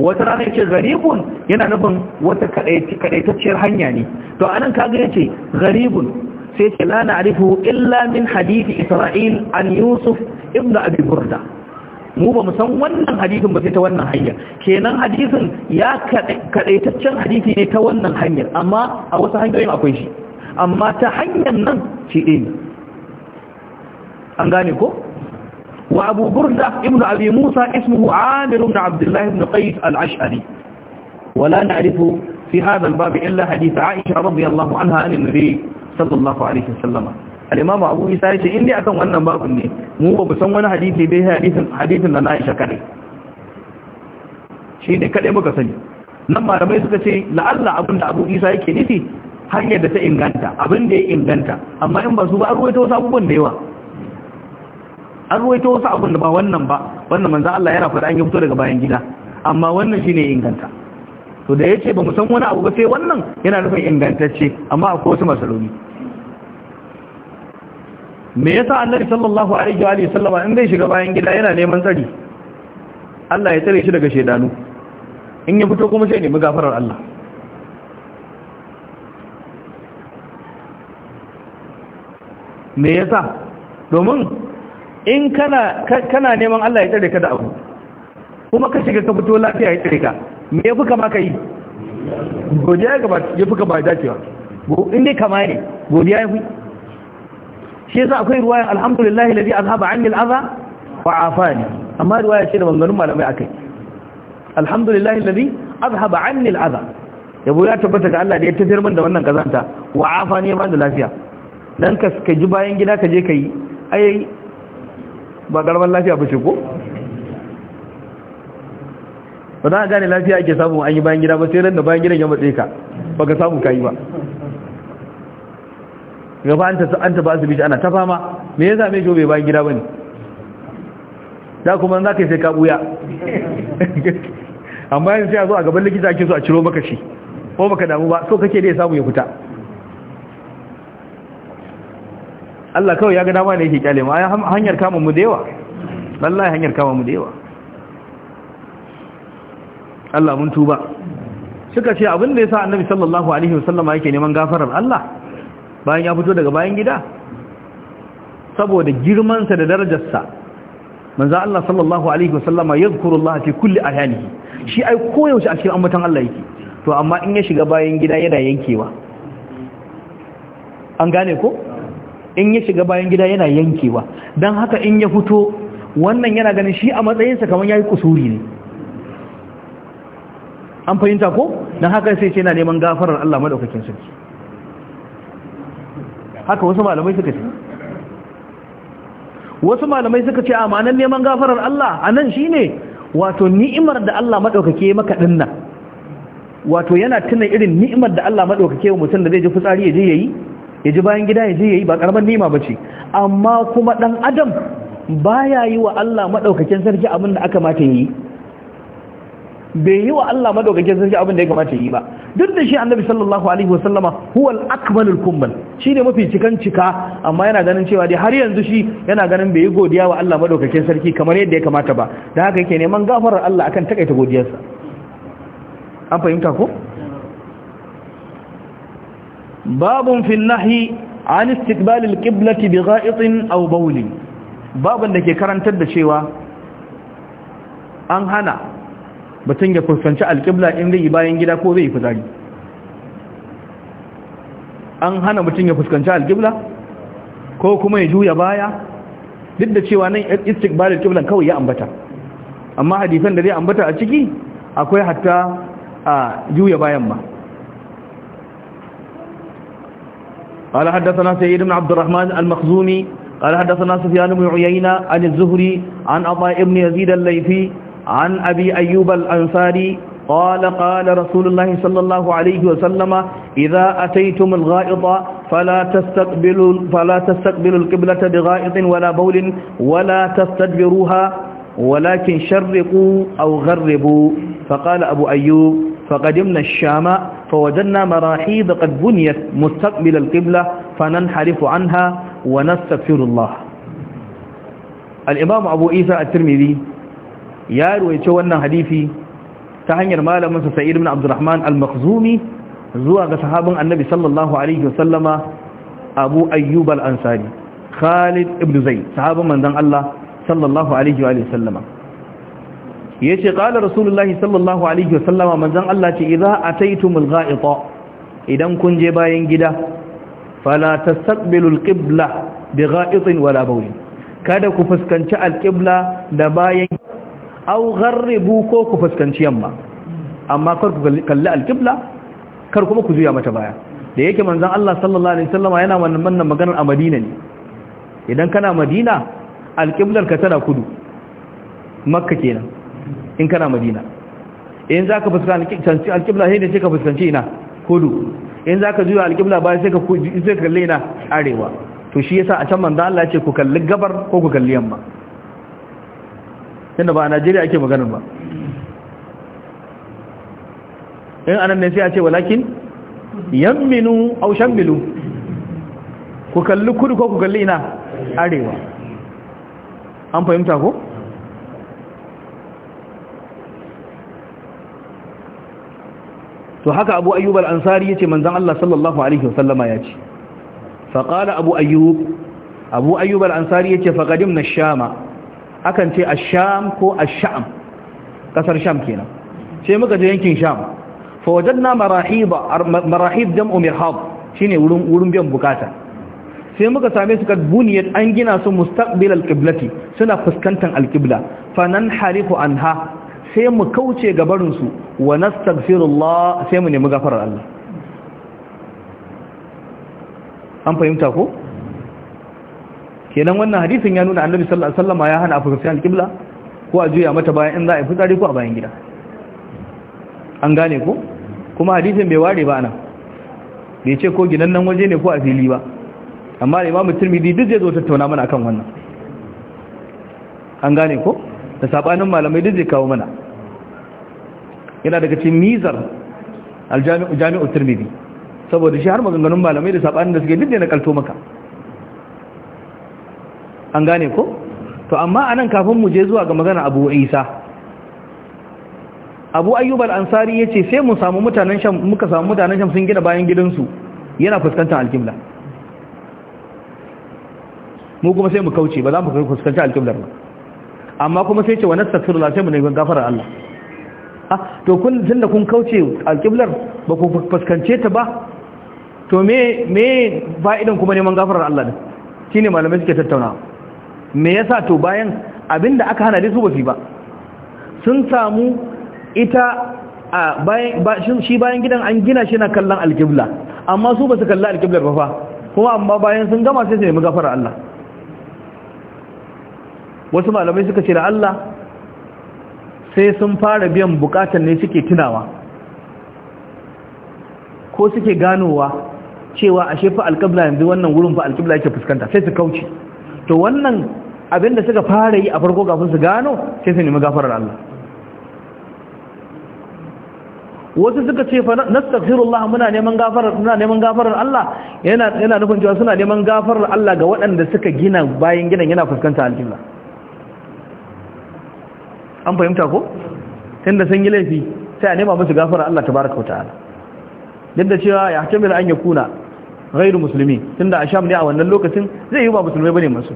wata rana ya ce garibun yana nufin wata kadaitacciyar hanya ne to anan kaga ya ce garibun sai ce la na'rifu illa min hadithi isra'il an yusuf ibn abi burda mu ba mu san wannan hadisin ba sai ta wannan hanya kenan hadisin ya kadaitaccen hadisi ne ta wannan hanyar amma a wasu hanyoyin akwai shi amma ta hanyar nan shi ɗin an gane ko وابو برده ابن ابي موسى اسمه عامر بن عبد الله بن قيس العشري ولا نعرف في هذا الباب الا حديث عائشه رضي الله عنها عن النبي صلى الله عليه وسلم الامام ابو عيسى اني wannan babin ne mu ba san wani hadisi bai hadisin hadisin na Aisha kare shi ne kade muka sani nan malamai suka ce la'alla abinda abu isa yake nufi hanyar da ta inganta abin da ya inganta amma in ba su ba a ruwaito wasu abubuwan da yawa an ruwaito wasu abin da ba wannan ba wannan manzan Allah yana faɗa an yi fito daga bayan gida amma wannan shine inganta to da yace ba mu san wani abu ba sai wannan yana nufin ingantacce amma akwai wasu masaloli me yasa annabi sallallahu alaihi wa alihi sallama in zai shiga bayan gida yana neman tsari Allah ya tsare shi daga shedanu in ya fito kuma sai nemi gafarar Allah me yasa domin in kana kana neman Allah ya tsare ka da abu kuma ka shiga ka fito lafiya ya tsare ka me yafi kama ka yi godiya ga ya yafi ka ba dacewa in dai kama ne godiya ya fi shi yasa akwai ruwayan alhamdulillah alladhi azhaba anni adha wa afani amma ruwaya ce da bangarin malamai akai alhamdulillah alladhi azhaba anni adha yabo ya tabbata ga Allah da ya tafiyar min da wannan kazanta wa afani ya bani lafiya dan ka ji bayan gida ka je yi ai ba garban lafiya ba ce ko ba za a gane lafiya ake samun an yi bayan gida ba sai nan da bayan gidan ya matse ka ba ka samu kayi ba gaba an taba asibiti ana ta fama me ya same shobe bayan gida ba ne da kuma za ka yi sai ka buya <laughs> amma yanzu sai a zo a gaban likita ake so a ciro maka shi ko ka damu ba so kake da ya samu ya fita Allah kawai ya ga dama ne yake kyale mu ai hanyar kama mu da yawa wallahi hanyar kama mu da yawa Allah mun tuba suka ce abin da yasa Annabi sallallahu alaihi wasallama yake neman gafarar Allah bayan ya fito daga bayan gida saboda girman sa da darajarsa manzo Allah sallallahu alaihi wasallama Allah fi kulli ahyanihi shi ai koyaushe a cikin ambaton Allah yake to amma in ya shiga bayan gida yana yankewa an gane ko in ya shiga bayan gida yana yankewa don haka in ya fito wannan yana ganin shi a matsayinsa kamar ya yi kusuri ne an fahimta ko don haka sai ce yana neman gafarar Allah maɗaukakin sarki haka wasu malamai suka ce wasu malamai suka ce a ma'anar neman gafarar Allah a nan shi ne wato ni'imar da Allah maɗaukake maka ɗinnan wato yana tuna irin ni'imar da Allah maɗaukake wa mutum da zai ji fitsari ya je ya yi ya ji bayan gida ya je ya yi ba karamar nima ba ce amma kuma ɗan adam baya yi wa Allah maɗaukakin sarki abin da aka mata yi bai yi wa Allah maɗaukakin sarki abin da ya kamata yi ba duk da shi annabi sallallahu alaihi wasallama huwal al-akmalul shi shine mafi cikan cika amma yana ganin cewa dai har yanzu shi yana ganin bai yi godiya wa Allah maɗaukakin sarki kamar yadda ya kamata ba da haka yake neman gafarar Allah akan takaita godiyarsa an fahimta ko باب في nahi عن استقبال القبلة بغائط أو بول باب babun da ke karantar da cewa an hana mutum ya fuskanci alƙibla in zai bayan gida ko zai fitsari an hana mutum ya fuskanci alƙibla ko kuma ya juya baya duk da cewa nan istikbalin ƙibla kawai ya ambata amma hadifan da zai ambata a ciki akwai hatta a juya bayan ba قال حدثنا سيد بن عبد الرحمن المخزومي قال حدثنا سفيان بن عيينة عن الزهري عن عطاء بن يزيد الليثي عن أبي أيوب الأنصاري قال قال رسول الله صلى الله عليه وسلم إذا أتيتم الغائط فلا تستقبلوا فلا تستقبلوا القبلة بغائط ولا بول ولا تستدبروها ولكن شرقوا أو غربوا فقال أبو أيوب فقدمنا الشام فوجدنا مراحيض قد بنيت مستقبل القبلة فننحرف عنها ونستغفر الله الامام isa عيسى الترمذي يا رويته wannan hadisi ta hanyar malamin sa Sa'id ibn Abdurrahman al zuwa ga sahabin annabi sallallahu Abu Ayyub al Khalid ibn Zayd sahabin manzon Allah sallallahu yace qala rasulullahi sallallahu alaihi wasallama manzon Allah ce idza ataitumul gha'ita idan kun je bayan gida fala tastaqbilul qibla bigha'itin wala bawl kada ku fuskanci alqibla da bayan au gharribu ko ku fuskanci yamma amma kar ku kalli alqibla kar kuma ku juya mata baya da yake manzon Allah sallallahu alaihi wasallama yana wannan maganar a Madina ne idan kana Madina alqiblar ka tana kudu makka kenan in kana madina in za ka fuskanci alƙibla sai da sai ka fuskanci ina kudu in za ka zuwa alƙibla bayan sai ka kalli ina arewa to shi yasa a can manzo Allah ce ku kalli gabar ko ku kalli yamma tunda ba a Najeriya ake maganar ba in anan ne sai a ce walakin yamminu aw shambilu ku kalli kudu ko ku kalli ina arewa an fahimta ko to haka abu ayyub al-ansari yace manzon Allah sallallahu alaihi wasallama yace fa qala abu ayyub abu ayyub al-ansari yace fa qadimna ash-shama akan ce ash-sham ko ash-sham kasar sham kenan sai muka je yankin sham fa wajadna marahiba marahib jam'u mirhab shine wurin wurin biyan bukata sai muka same su kad buniyat an gina su mustaqbil al-qiblati suna fuskantar al-qibla fa nan harifu anha sai mu kauce ga barinsu wa nastaghfirullah sai mu nemi gafarar Allah an fahimta ko kenan wannan hadisin ya nuna annabi sallallahu alaihi wasallam ya hana afirka al-qibla ko a juya mata bayan in za a yi fitsari ko a bayan gida an gane ko kuma hadisin bai ware ba nan bai ce ko gidan nan waje ne ko a fili ba amma imamu tirmidhi duk zai zo tattauna mana akan wannan an gane ko da sabanin malamai duk zai kawo mana yana daga cikin mizar aljami'u jami'u tirmidhi saboda shi har maganganun malamai da sabanin da suke dinne na kalto maka an gane ko to amma anan kafin mu je zuwa ga magana Abu Isa Abu Ayyub al-Ansari yace sai mu samu mutanen sham muka samu mutanen sham sun gina bayan gidansu yana fuskantar alkibla mu kuma sai mu kauce ba za mu fuskanci alkiblar ba amma kuma sai ce wa nastaghfirullah sai mu nemi gafarar Allah Ah, to kun tunda kun kauce alƙiblar ba ku fuskance ta ba to me me fa'idan kuma neman gafarar Allah din shine malamai suke tattauna me yasa to bayan abinda aka hana su ba fi ba sun samu ita a bayan shi bayan gidan an gina shi na kallon alƙibla amma su ba su kalla alƙiblar ba fa kuma amma bayan sun gama sai su nemi gafarar Allah wasu malamai suka ce da Allah sai sun fara biyan bukatar ne suke tunawa ko suke ganowa cewa a shefa alƙibla yanzu wannan wurin fa alƙibla yake fuskanta sai su kauce to wannan abinda suka fara yi a farko kafin su gano sai su nemi gafarar Allah wasu suka ce fa nastaghfirullah muna neman gafarar muna neman gafarar Allah yana yana nufin cewa suna neman gafarar Allah ga waɗanda suka gina bayan gidan yana fuskanta alƙibla an fahimta ko tunda sun yi laifi sai a nema musu gafara Allah tabaraka wa ta'ala duk da cewa ya hakamil an ya kuna ghairu musulmi tunda a sham ne a wannan lokacin zai yi ba musulmai bane masu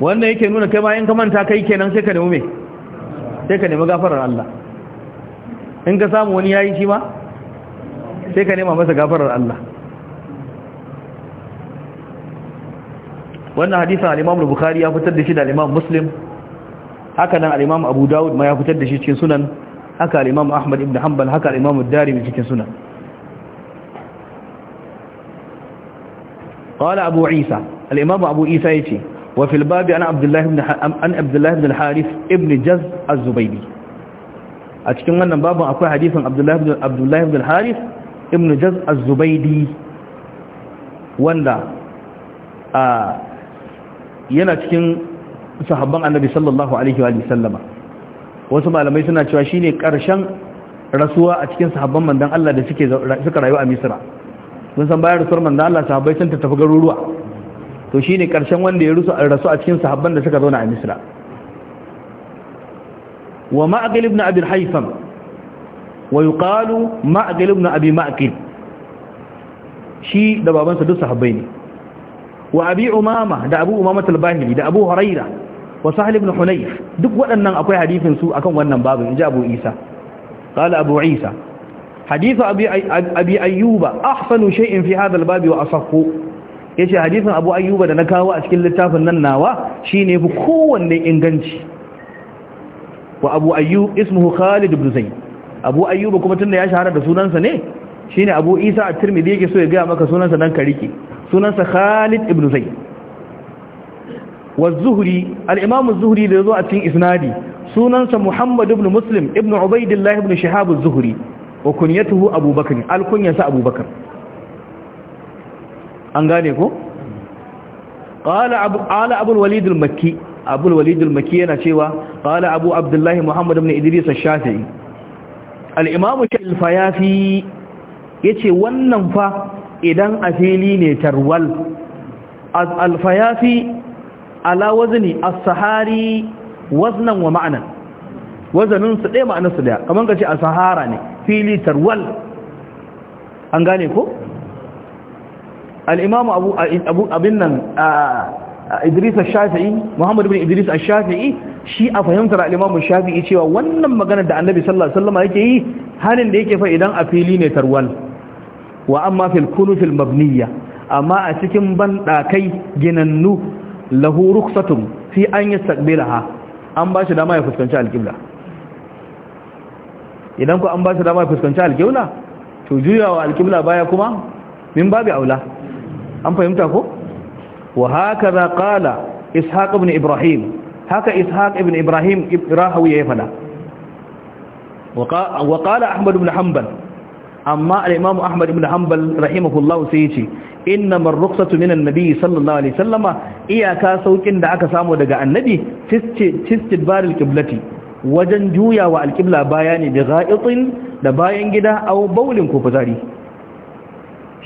wannan yake nuna kai ma in ka manta kai kenan sai ka nemi me sai ka nemi gafarar Allah in ka samu wani yayi shi ma sai ka nema masa gafarar Allah wannan hadisin al-imam al-bukhari ya fitar da shi da al-imam muslim haka nan al-imam abu dawud ma ya fitar da shi cikin sunan haka al-imam ahmad ibn hanbal haka al-imam ad-darimi cikin sunan قال أبو عيسى الإمام أبو عيسى يتي وفي الباب أنا عبد الله بن أن عبد Ibn بن الحارث ابن a cikin wannan أن akwai أكو حديث ibn الله Ibn عبد الله بن الحارث yana cikin sahabban annabi sallallahu alaihi wa sallama wasu malamai suna cewa shi ne karshen rasuwa a cikin sahabban mandan Allah da suka rayu a Misira mun san bayan rasuwar mandan Allah sahabbai sun tafi garuruwa to shi ne karshen wanda ya rasu a cikin sahabban da suka zauna a Misira. wa ma'qil ibn abi al-haytham wa yuqalu ma'qil ibn abi ma'qil shi da babansa duk sahabbai ne wa abi umama da abu umama talbahili da abu huraira wa sahal ibn hunayf duk waɗannan akwai hadisin su akan wannan babu inji abu isa qala abu isa hadithu abi abi ayyuba ahsanu shay'in fi hadha al-bab wa asahhu yace hadisin abu ayyuba da na kawo a cikin littafin nan nawa shine fi kowanne inganci wa abu ayyub ismuhu khalid ibn zayd abu ayyuba kuma tunda ya shahara da sunansa ne shine abu isa at-tirmidhi yake so ya ga maka sunansa dan ka rike sunansa Khalid ibn Zai wa Zuhri al zuhri da yazo a cikin isnadi sunansa Muhammadu ibn Muslim ibn Ubaidillah ibn Shahabu az-Zuhri wa kunyatuhu Abu Bakr al-kunyansa an gane ko qala Abu ala Abu Abu al-Walid yana cewa qala Abu Abdullahi Muhammadu ibn Idris al-Shafi'i al-Imam al-Fayafi yace wannan fa idan a fili ne tarwal alfayafi ala wazni as-sahari waznan wa ma'anan wazanin su ɗaya ma'anar su ɗaya kamar ka ce a sahara ne fili tarwal an gane ko Al'imamu abu abin nan Idris al-Shafi'i Muhammadu bin Idris al-Shafi'i shi a fahimtar al'imamu imam al-Shafi'i cewa wannan magana da Annabi sallallahu alaihi wasallam yake yi halin da yake fa idan a fili ne tarwal wa amma fil kunufil mabniya amma a cikin bandakai ginannu lahu rukhsatun fi an yastaqbilaha an ba shi dama ya fuskanci alqibla idan ku an ba shi dama ya fuskanci alqibla to juyawa alqibla baya kuma min babu aula an fahimta ko wa hakaza qala ishaq ibn ibrahim haka ishaq ibn ibrahim rahawi ya fada wa qala ahmad ibn amma al-imamu ahmad ibn hanbal rahimahullahu sai yace innamar rukhsatu minan nabi sallallahu alaihi wasallama iyaka saukin da aka samu daga annabi istidbaril qiblati wajen wa alqibla baya ne da ga'itin da bayan gida aw baulin ko fitsari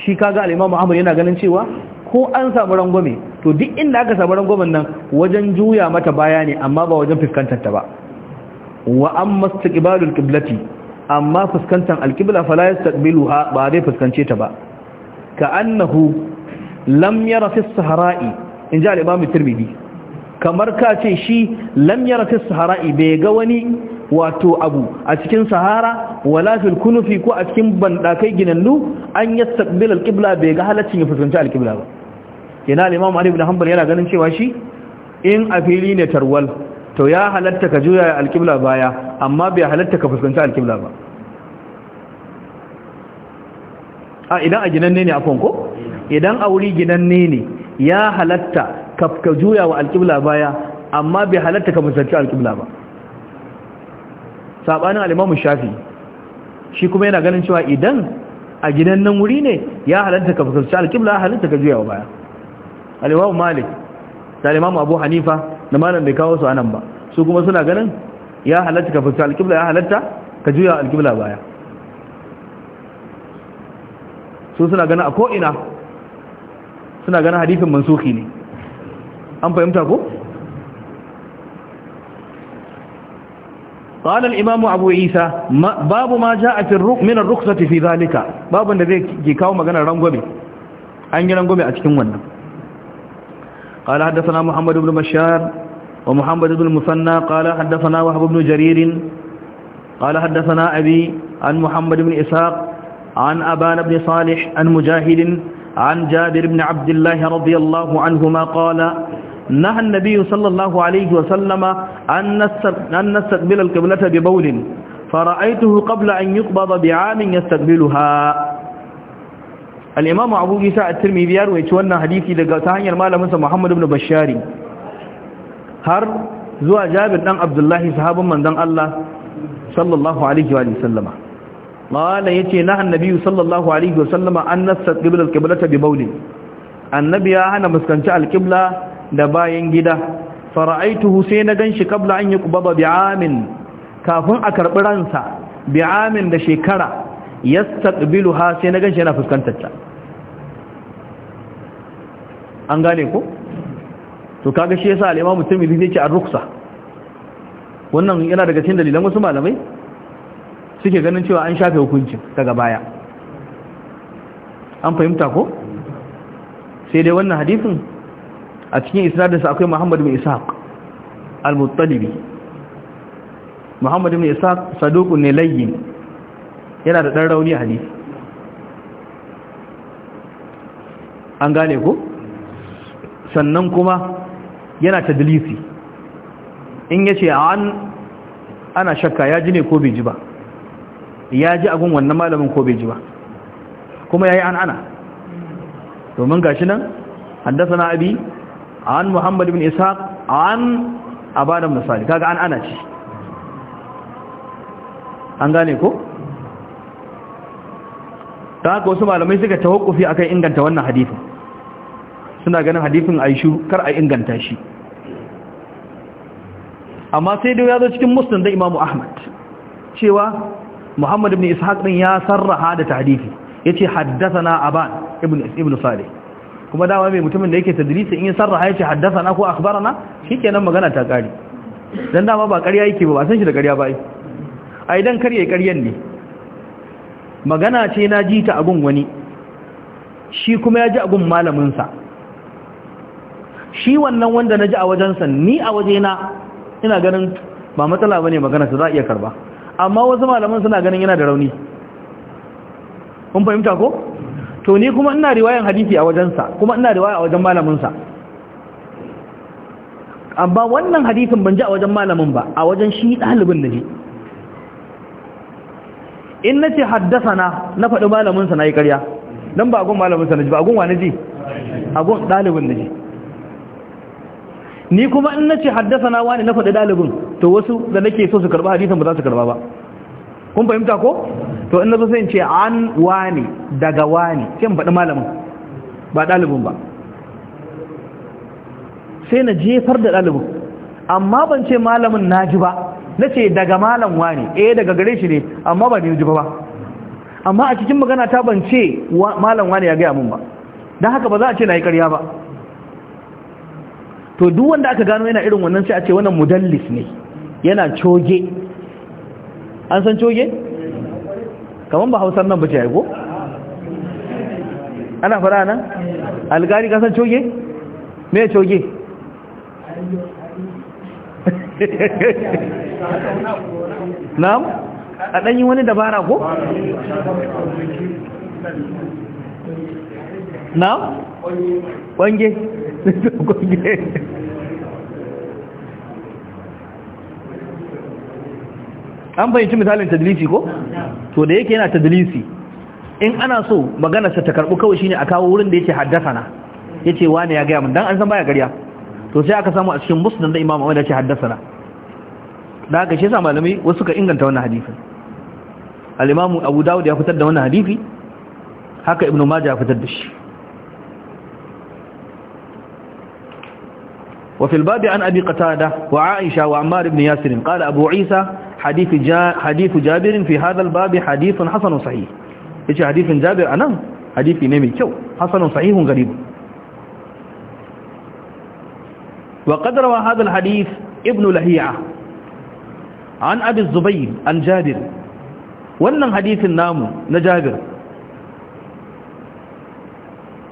shi kaga al-imamu ahmad yana ganin cewa ko an samu rangwame to duk inda aka samu rangwamen nan wajen juya mata baya ne amma ba wajen fuskantar ta ba wa amma istiqbalul qiblati amma fuskantar alkibla fala yastaqbiluha ba zai fuskance ta ba ka annahu lam yara fi sahara'i in ji kamar ka ce shi lam yara fi sahara'i bai ga wani wato abu a cikin sahara wala fil kunufi ko a cikin bandakai ginannu an ya al-qibla bai ga halaccin ya fuskanci al-qibla ba yana al-imam Ali ibn yana ganin cewa shi in a fili ne tarwal to ya halatta ka juya alkibla baya amma bai halatta ka fuskanci alkibla ba a idan a ginanne ne a ko idan a wuri ginanne ne ya halatta ka juya wa alkibla baya amma bai halatta ka fuskanci alkibla ba sabanin alimamu shafi shi kuma yana ganin cewa idan a nan wuri ne ya halatta ka fuskanci alkibla halatta ka juya wa baya alimamu malik da alimamu abu hanifa na malam bai kawo su anan ba su kuma suna ganin ya halatta ka fuska alƙibla ya halatta ka juya alƙibla baya su suna ganin a ko'ina suna ganin hadifin mansuki ne an fahimta ko? قال الامام ابو عيسى باب ما جاء في الرق من الرخصه في ذلك باب magana كاو an yi rangobe a cikin wannan. قال حدثنا محمد بن بشار ومحمد بن المثنى قال حدثنا وهب بن جرير قال حدثنا أبي عن محمد بن إسحاق عن أبان بن صالح عن مجاهد عن جابر بن عبد الله رضي الله عنهما قال نهى النبي صلى الله عليه وسلم أن نستقبل القبلة ببول فرأيته قبل أن يقبض بعام يستقبلها al-imamu abu isa turmi biyar ya ci wannan hadisi daga ta hanyar malamin Muhammadu muhammad ibn bashari har zuwa jabir dan abdullahi sahabban manzan Allah sallallahu alaihi wa sallama ya ce na nabiyyu sallallahu alaihi wa sallama an nasat qibla al bi bawl annabi ya hana muskanci al da bayan gida Fara'aitu husai na ganshi kabla an kubaba bi'amin kafin a karɓi ransa bi'amin da shekara yastaqbiluha sai na ganshi yana fuskantar ta an gane ko to kaga shi yasa al mutum zai ce a ruksa wannan yana daga cikin dalilan wasu malamai suke ganin cewa an shafe hukunci daga baya an fahimta ko sai dai wannan hadisin a cikin isnadinsa akwai Muhammad bin Ishaq al-Muttalibi Muhammad bin Ishaq saduqun ne layyin yana da ɗan rauni a hadisi an gane ku sannan kuma yana tadlisi in yace an ana shakka ya ji ne ko bai ji ba ya ji agun wannan malamin ko bai ji ba kuma yayi an ana domin gashi nan na abi an muhammad ibn ishaq an abadan misali kaga an ana ce an gane ko ta haka wasu malamai suka a akan inganta wannan hadifin suna ganin hadifin a kar a inganta shi amma sai dai ya zo cikin muslim da imamu ahmad cewa muhammad ibn ishaq din ya sarraha da ce yace haddathana aban ibn ibn salih kuma dama mai mutumin da yake tadrisi in ya sarraha yace haddathana ko akhbarana shikenan magana ta kare dan dama ba ƙarya yake ba ba san shi da ƙarya ba ai dan ƙarya ƙaryan ne magana ce na ji ta agun wani shi kuma ya ji agun malaminsa shi wannan wanda na ji a wajensa ni a wajena ina ganin ba matsala ba ne maganarsa za a iya karba amma wasu malamin suna ganin yana da rauni kun fahimta ko? to ni kuma ina riwayan hadisi a wajensa kuma ina riwaya a wajen malaminsa amma wannan hadisin ban ji a wajen malamin ba a wajen shi ɗalibin na ji in na ce haddasa na na faɗi malaminsa na yi ƙarya don ba agun malaminsa na ji ba agun wani ji agun ɗalibin na ji ni kuma in na ce haddasa na wani na faɗi ɗalibin to wasu da nake so su karɓa hadisan ba za su karɓa ba kun fahimta ko to in na so sai in ce an wani daga wani ce in faɗi malamin ba ɗalibin ba sai na jefar da ɗalibin amma ban ce malamin na ji ba ce daga malam wani eh daga gare shi ne amma ba ne ji ba amma a cikin magana ta ban ce malam wani ya gaya mun ba don haka ba za a ce na yi karya ba to duk wanda aka gano yana irin wannan sai a ce wannan mudallis ne yana coge an san coge Kamar ba hausar nan ba ce ko ana fara nan algari ka san coge me coge <laughs> na'am a ɗanyi wani dabara ko? na'am? ƙwange ƙwange <laughs> an fahimci misalin tadilisi ko? to da yake yana tadilisi in ana so maganarsa ta karɓi kawai shine a kawo wurin da yake haddasa na ya ce wane ya gaya mun don an san baya gariya to sai aka samu a cikin musulun da imam da ce haddasa na da haka shi yasa malamai wasu suka inganta wannan hadisi al-imamu Abu Dawud ya fitar da wannan hadisi haka Ibn Majah ya fitar da shi وفي الباب عن أبي قتادة وعائشة وعمار بن ياسر قال أبو عيسى حديث, جا حديث جابر في هذا الباب حديث حسن صحيح إيش حديث جابر أنا حديث نمي كو حسن صحيح غريب وقد روى هذا الحديث ابن لهيعة an abi zubair an jabir wannan hadisin namu na jabir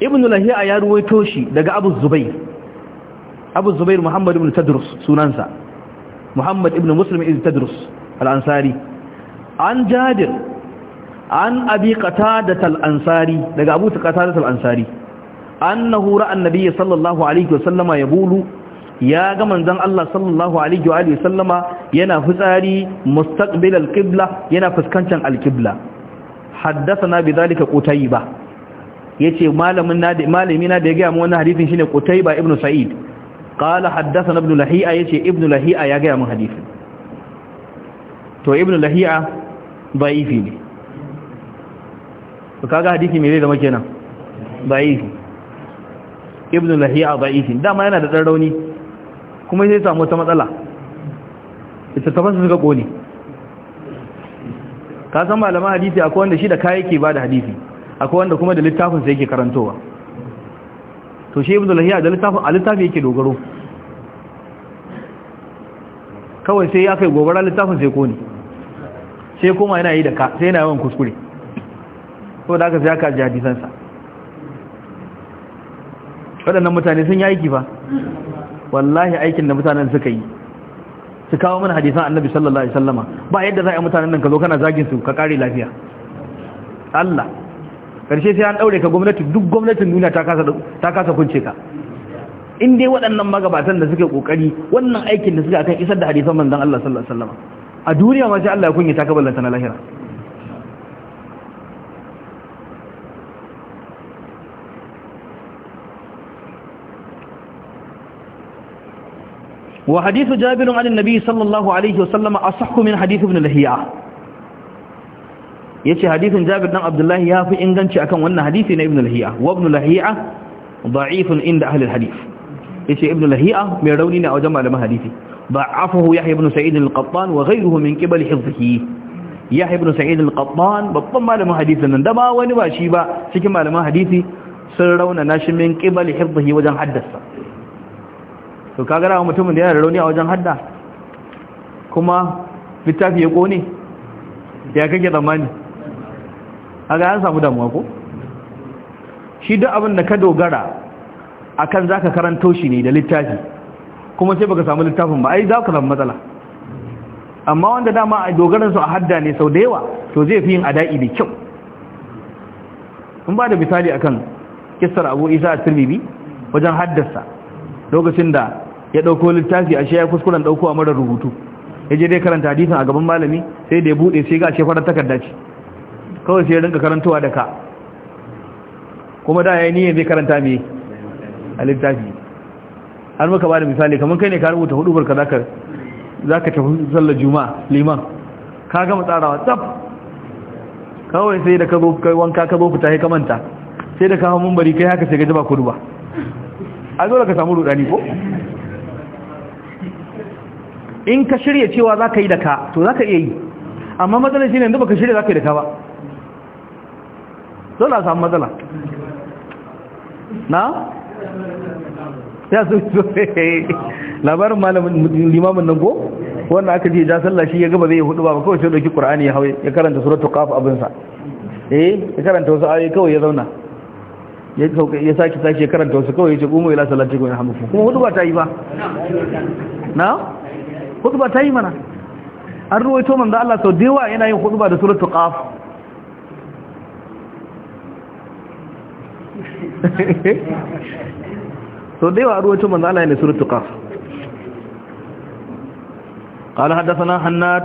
ibn lahiya ya ruwaito shi daga abu zubair abu zubair muhammad ibn tadrus sunansa muhammad ibn muslim ibn tadrus al-ansari an jabir an abi qatadat al-ansari daga abu qatadat al-ansari annahu ra'a an-nabiy sallallahu alaihi wasallama bulu. ya ga manzon Allah sallallahu alaihi wa sallama yana fitsari mustaqbil al-qibla yana fuskantar al-qibla haddathana bidhalika qutayba yace malamin na malami na da ya ga mu wannan hadisin shine qutayba ibn sa'id qala haddathana ibn lahi'a yace ibn lahi'a ya ga mu hadisin to ibn lahi'a da'ifi ne to kaga hadisi me zai zama kenan da'ifi ibn lahi'a da'ifi dama yana da dan rauni kuma zai samu wata matsala ta su suka ƙone ka san malaman hadisi akwai wanda shi da kaya ke ba da hadisi akwai wanda kuma da littafin yake karantowa to shi ibn lahiya da littafin a littafi yake dogaro kawai sai ya kai gobara littafin sai ƙone sai kuma yana yi da ka sai yana yawan kuskure to da aka sai aka ji hadisansa waɗannan mutane sun yi aiki fa wallahi aikin da mutanen suka yi su kawo mana hadisan annabi sallallahu alaihi wasallama ba yadda za a yi mutanen nan ka zo kana zagin su ka kare lafiya Allah karshe sai an daure ka gwamnati duk gwamnatin duniya ta kasa ta kasa kunce ka in dai waɗannan magabatan da suke kokari wannan aikin da suka kan isar da hadisan manzon Allah sallallahu alaihi wasallama a duniya ma sai Allah ya kunya ta kabalanta na lahira wa hadithu jabirun an annabi sallallahu alaihi wasallam asahhu min hadith ibn lahiya yace hadithin jabir dan abdullahi fi inganci akan wannan hadisi na ibn lahiya wa ibn lahiya da'ifun inda ahli alhadith yace ibn lahiya mai rauni ne a wajen malaman hadisi ضعفه يحيى بن سعيد القطان وغيره من قبل حفظه يحيى بن سعيد القطان babban malamin hadisin nan da ba wani ba shi ba cikin malaman hadisi sun rauna nashi min qibali hifdhihi wajen haddasa to ka gara mutumin da yana da rauni a wajen hadda kuma littafi ya kone ya kake zamani ga yan samu damuwa ko shi duk abin da ka dogara akan ka karanto shi ne da littafi kuma sai baka samu littafin ba ai za ka samu matsala amma wanda dama a dogaran su a hadda ne sau da yawa to zai fi yin ada'i da kyau in ba da misali akan kissar Abu Isa a tirmidhi wajen haddasa lokacin da ya ɗauko littafi a ya kuskuren ɗauko a mara rubutu ya je dai karanta hadisin a gaban malami sai da ya buɗe sai ga a farar takarda ce kawai sai ya rinka karantowa da ka kuma da ya yi niyyar zai karanta me a littafi har muka ba da misali kamar kai ne ka rubuta hudu barka za ka tafi sallar juma'a liman ka gama tsarawa tsaf kawai sai da ka zo kai wanka ka zo fita sai ka manta sai da ka mun bari kai haka sai ka ji ba ba a zo da ka samu rudani ko in ka shirya cewa za ka yi da ka to za ka iya yi amma matsalar shi ne yanzu ba ka shirya za ka yi da ka ba zola a samu matsala na? ya su so <laughs> labarin malamin limamin nan ko wanda aka ji ja sallah shi ya gaba zai hudu ba kawai sai dauki qur'ani ya hawaye ya karanta suratul qaf abin abinsa eh ya karanta wasu ayoyi kawai ya zauna ya sauka ya saki saki ya karanta wasu kawai ya ce qumu ila salatikum yarhamukum kuma hudu ba ta yi ba na khutba ta yi mana an ruwaito manzo Allah sau dewa yana yin khutba da suratul qaf sau dewa an ruwaito manzo Allah yana suratul qaf قال حدثنا حناد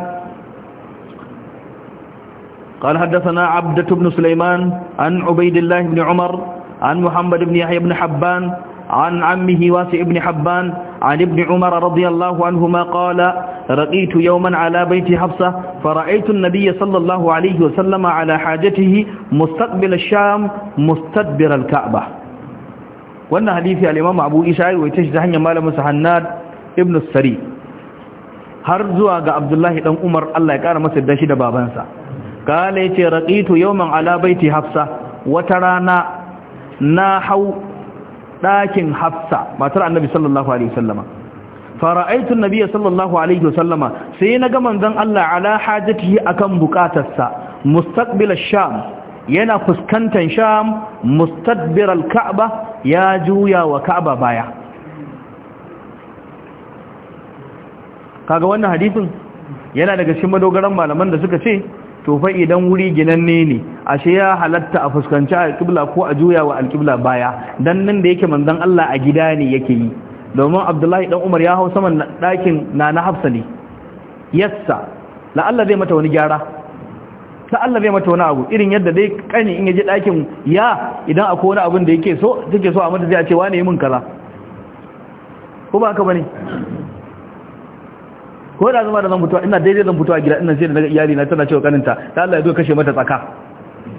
قال حدثنا عبدة بن سليمان عن عبيد الله بن عمر عن محمد بن يحيى بن حبان عن عمه واسع بن حبان عن ابن عمر رضي الله عنهما قال رقيت يوما على بيت حفصة فرأيت النبي صلى الله عليه وسلم على حاجته مستقبل الشام مستدبر الكعبة وأن حديث الإمام أبو إشعي ويتشدهن يمال مسحناد ابن السري هرزوا عبد الله بن عمر الله يقال مسجد داشي دبابانسا قال يتي رقيت يوما على بيت حفصة وترانا na hau ɗakin hafsa matar annabi sallallahu alaihi sallama fara'aitun nabiya sallallahu alaihi sallama sai na ga manzon Allah ala a akan bukatarsa mustaqbila sham yana fuskantar sham mustadbir al ya juya wa ka'aba baya kaga wannan hadisin yana daga cikin madogaran malaman da suka ce to idan wuri ginanne ne ashe ya halatta a fuskanci alƙibla ko a juya wa alƙibla baya dan nan da yake manzon Allah a gida ne yake yi domin Abdullahi dan Umar ya hau saman ɗakin na Hafsa ne yassa la Allah zai mata wani gyara ta Allah zai mata wani abu irin yadda dai kani in yaje dakin ya idan akwai wani abin da yake so take so a mata zai ce wane yi min kaza ko ba haka bane ko da zama da zan fito ina daidai zan fito a gida ina sai da iyali na tana cewa kaninta ta Allah ya zo kashe mata tsaka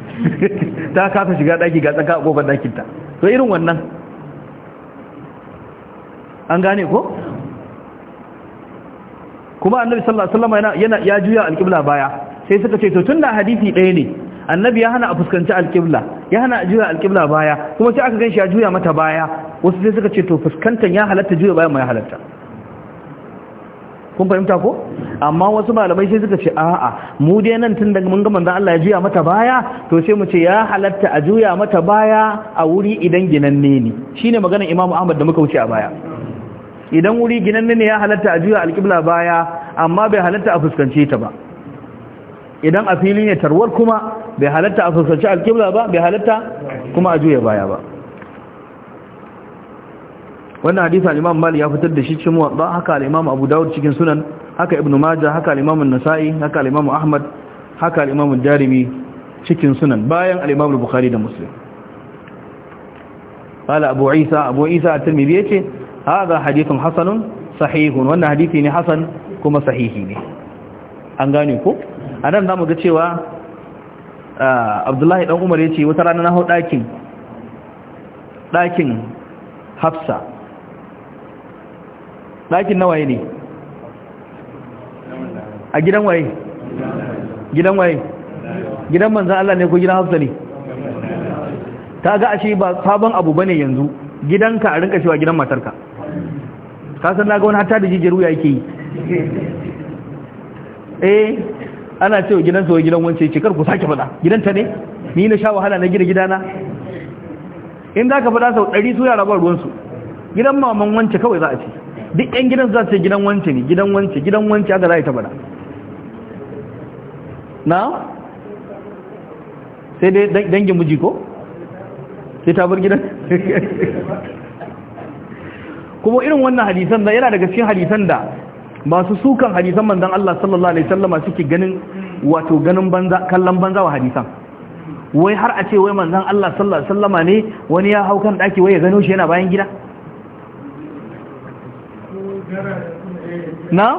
<laughs> ta kafa shiga daki ga tsaka a kofar dakin ta to irin wannan an gane ko kuma annabi sallallahu alaihi wasallam yana ya juya alqibla baya sai suka ce to tunda hadisi ɗaya ne annabi ya hana a fuskanci alqibla ya hana a juya alqibla baya kuma sai aka ganshi ya juya mata baya wasu sai suka ce to fuskantan ya halatta juya baya ma ya halatta kun fahimta ko amma wasu malamai sai suka ce a'a mu dai nan tun daga mun ga manzon Allah ya juya mata baya to sai mu ce ya halatta a juya mata baya a wuri idan ginanne ne shine maganar Imam Ahmad da muka wuce a baya idan wuri ginanne ne ya halatta a juya alqibla baya amma bai halatta a fuskance ta ba idan a fili ne tarwar kuma bai halatta a fuskance alqibla ba bai halatta kuma a juya baya ba wannan hadisi al-imam mali ya fitar da shi cikin muwatta haka al-imam abu dawud cikin sunan haka Ibn majah haka al-imam an-nasa'i haka al-imam ahmad haka al-imam darimi cikin sunan bayan al-imam al-bukhari da muslim qala abu isa abu isa at-tirmidhi yace hadha hadithun hasanun sahihun wannan hadisi ne hasan kuma sahihi ne an gane ko anan zamu ga cewa Abdullahi dan Umar yace wata rana na hawo dakin dakin Hafsa ɗakin na waye ne a gidan waye gidan waye gidan manzan Allah ne ko gidan hafsa ne ta ga ashe ba sabon abu bane yanzu gidanka a rinka cewa gidan matarka ka san na ga wani hatta da jijiyar wuya yake yi eh ana cewa gidan soyi gidan wance ce kar ku sake fada gidanta ne ni na sha wahala na gida gidana in za ka fada sau ɗari su yara ba ruwansu gidan maman wance kawai za a ce duk yan gidan za su gidan wance ne gidan wance gidan wance aka za a yi tabada na sai dai dangin miji ko sai ta bar gidan <laughs> kuma irin wannan hadisan da yana daga cikin hadisan da masu sukan hadisan manzan Allah sallallahu alaihi wasallama suke ganin wato ganin banza kallon banza wa hadisan wai har a ce wai manzan Allah sallallahu alaihi wasallama ne wani ya hau kan daki wai ya gano shi yana bayan gida na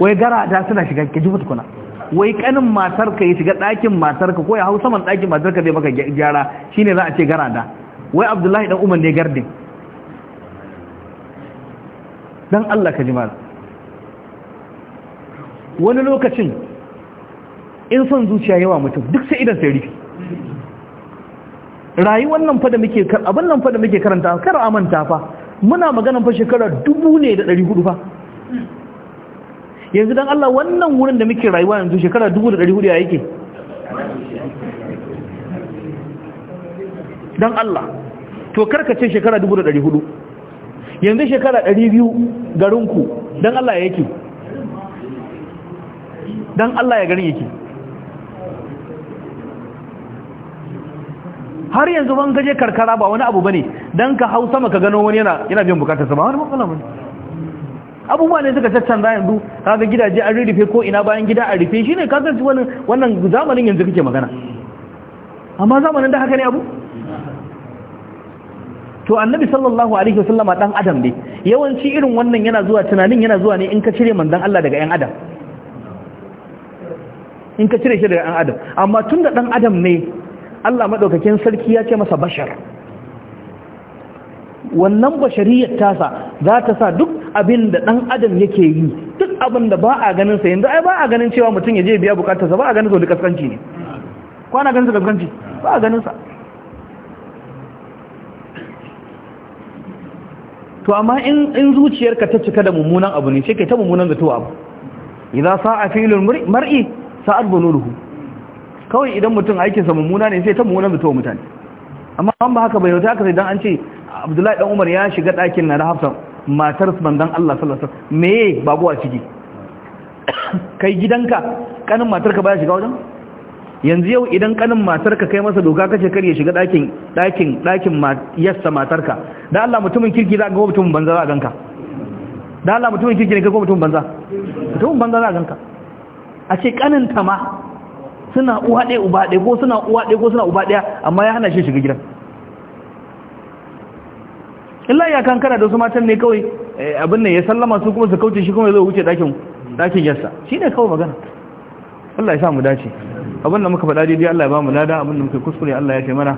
wai gara da suna shiga ke jufa tukuna wai kanin matarka ya shiga ɗakin matarka ko ya hau saman ɗakin matarka zai maka gyara ne za a ce gara da wai abdullahi ɗan umar ne gardin Don Allah ka ji mara wani lokacin in son zuciya yawa mutum duk sai idan sai rufi rayuwar nan fa da muke karanta kar manta fa muna maganan fa shekara dubu ne da ɗari hudu fa yanzu don Allah wannan wurin da muke rayuwa yanzu shekara dubu da ɗari hudu ya yake don Allah to karkace shekara dubu da ɗari hudu yanzu shekara ɗari biyu garinku don Allah ya yake don Allah ya garin yake har yanzu ban gaje karkara ba wani abu bane dan ka hau sama ka gano wani yana yana biyan bukatar sa ba wani matsala bane abubuwa ne suka caccanza yanzu kaga gidaje an rufe ko ina bayan gida a rufe shine ka san wannan wannan zamanin yanzu kake magana amma zamanin da haka ne abu to annabi sallallahu alaihi wasallam dan adam ne yawanci irin wannan yana zuwa tunanin yana zuwa ne in ka cire manzon Allah daga yan adam in ka cire shi daga ɗan adam amma tun da ɗan adam ne Allah maɗaukakin sarki ya ce masa bashar wannan bashariyar tasa za ta sa duk abin da ɗan adam yake yi duk abin da ba a ganin sa yanzu ai ba a ganin cewa mutum ya je biya bukatarsa ba a ganin sa kaskanci ne kwana ganin sa kaskanci ba a ganin sa to amma in zuciyarka ta cika da mummunan abu ne sai kai ta mummunan zato abu idza sa'a filin mar'i sa'ad bunuruhu kawai idan mutum aikinsa mummuna ne sai ta mummuna mutuwa mutane amma an ba haka bai wata haka sai dan an ce abdullahi dan umar ya shiga ɗakin na hafsa matar bandan Allah sallallahu alaihi wasallam meye babu a ciki <coughs> kai gidanka kanin matarka baya shiga wajen yanzu yau idan kanin matarka kai masa doka kace kar ya shiga ɗakin ɗakin ɗakin yassa matarka da Allah mutumin kirki za ka ga mutumin banza za a ganka da Allah mutumin kirki ne ka ga mutumin banza mutumin banza za a ganka a ce kanin ta ma suna uwa ɗaya uba ɗaya ko suna uwa ɗaya ko suna uba ɗaya amma ya hana shi shiga gidan illa ya kankara da su matan ne kawai eh, abin nan ya sallama su kuma su kauce shi kuma ya zai wuce dakin dakin yarsa shi ne kawai magana Allah ya sa mu dace abin da muka faɗa daidai Allah ya ba mu lada abin da muka kuskure Allah ya ce mana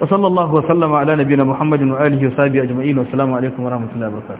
wa sallallahu wa sallama ala nabiyina Muhammadin wa alihi wa sahbihi ajma'in wa assalamu alaikum wa rahmatullahi wa barakatuh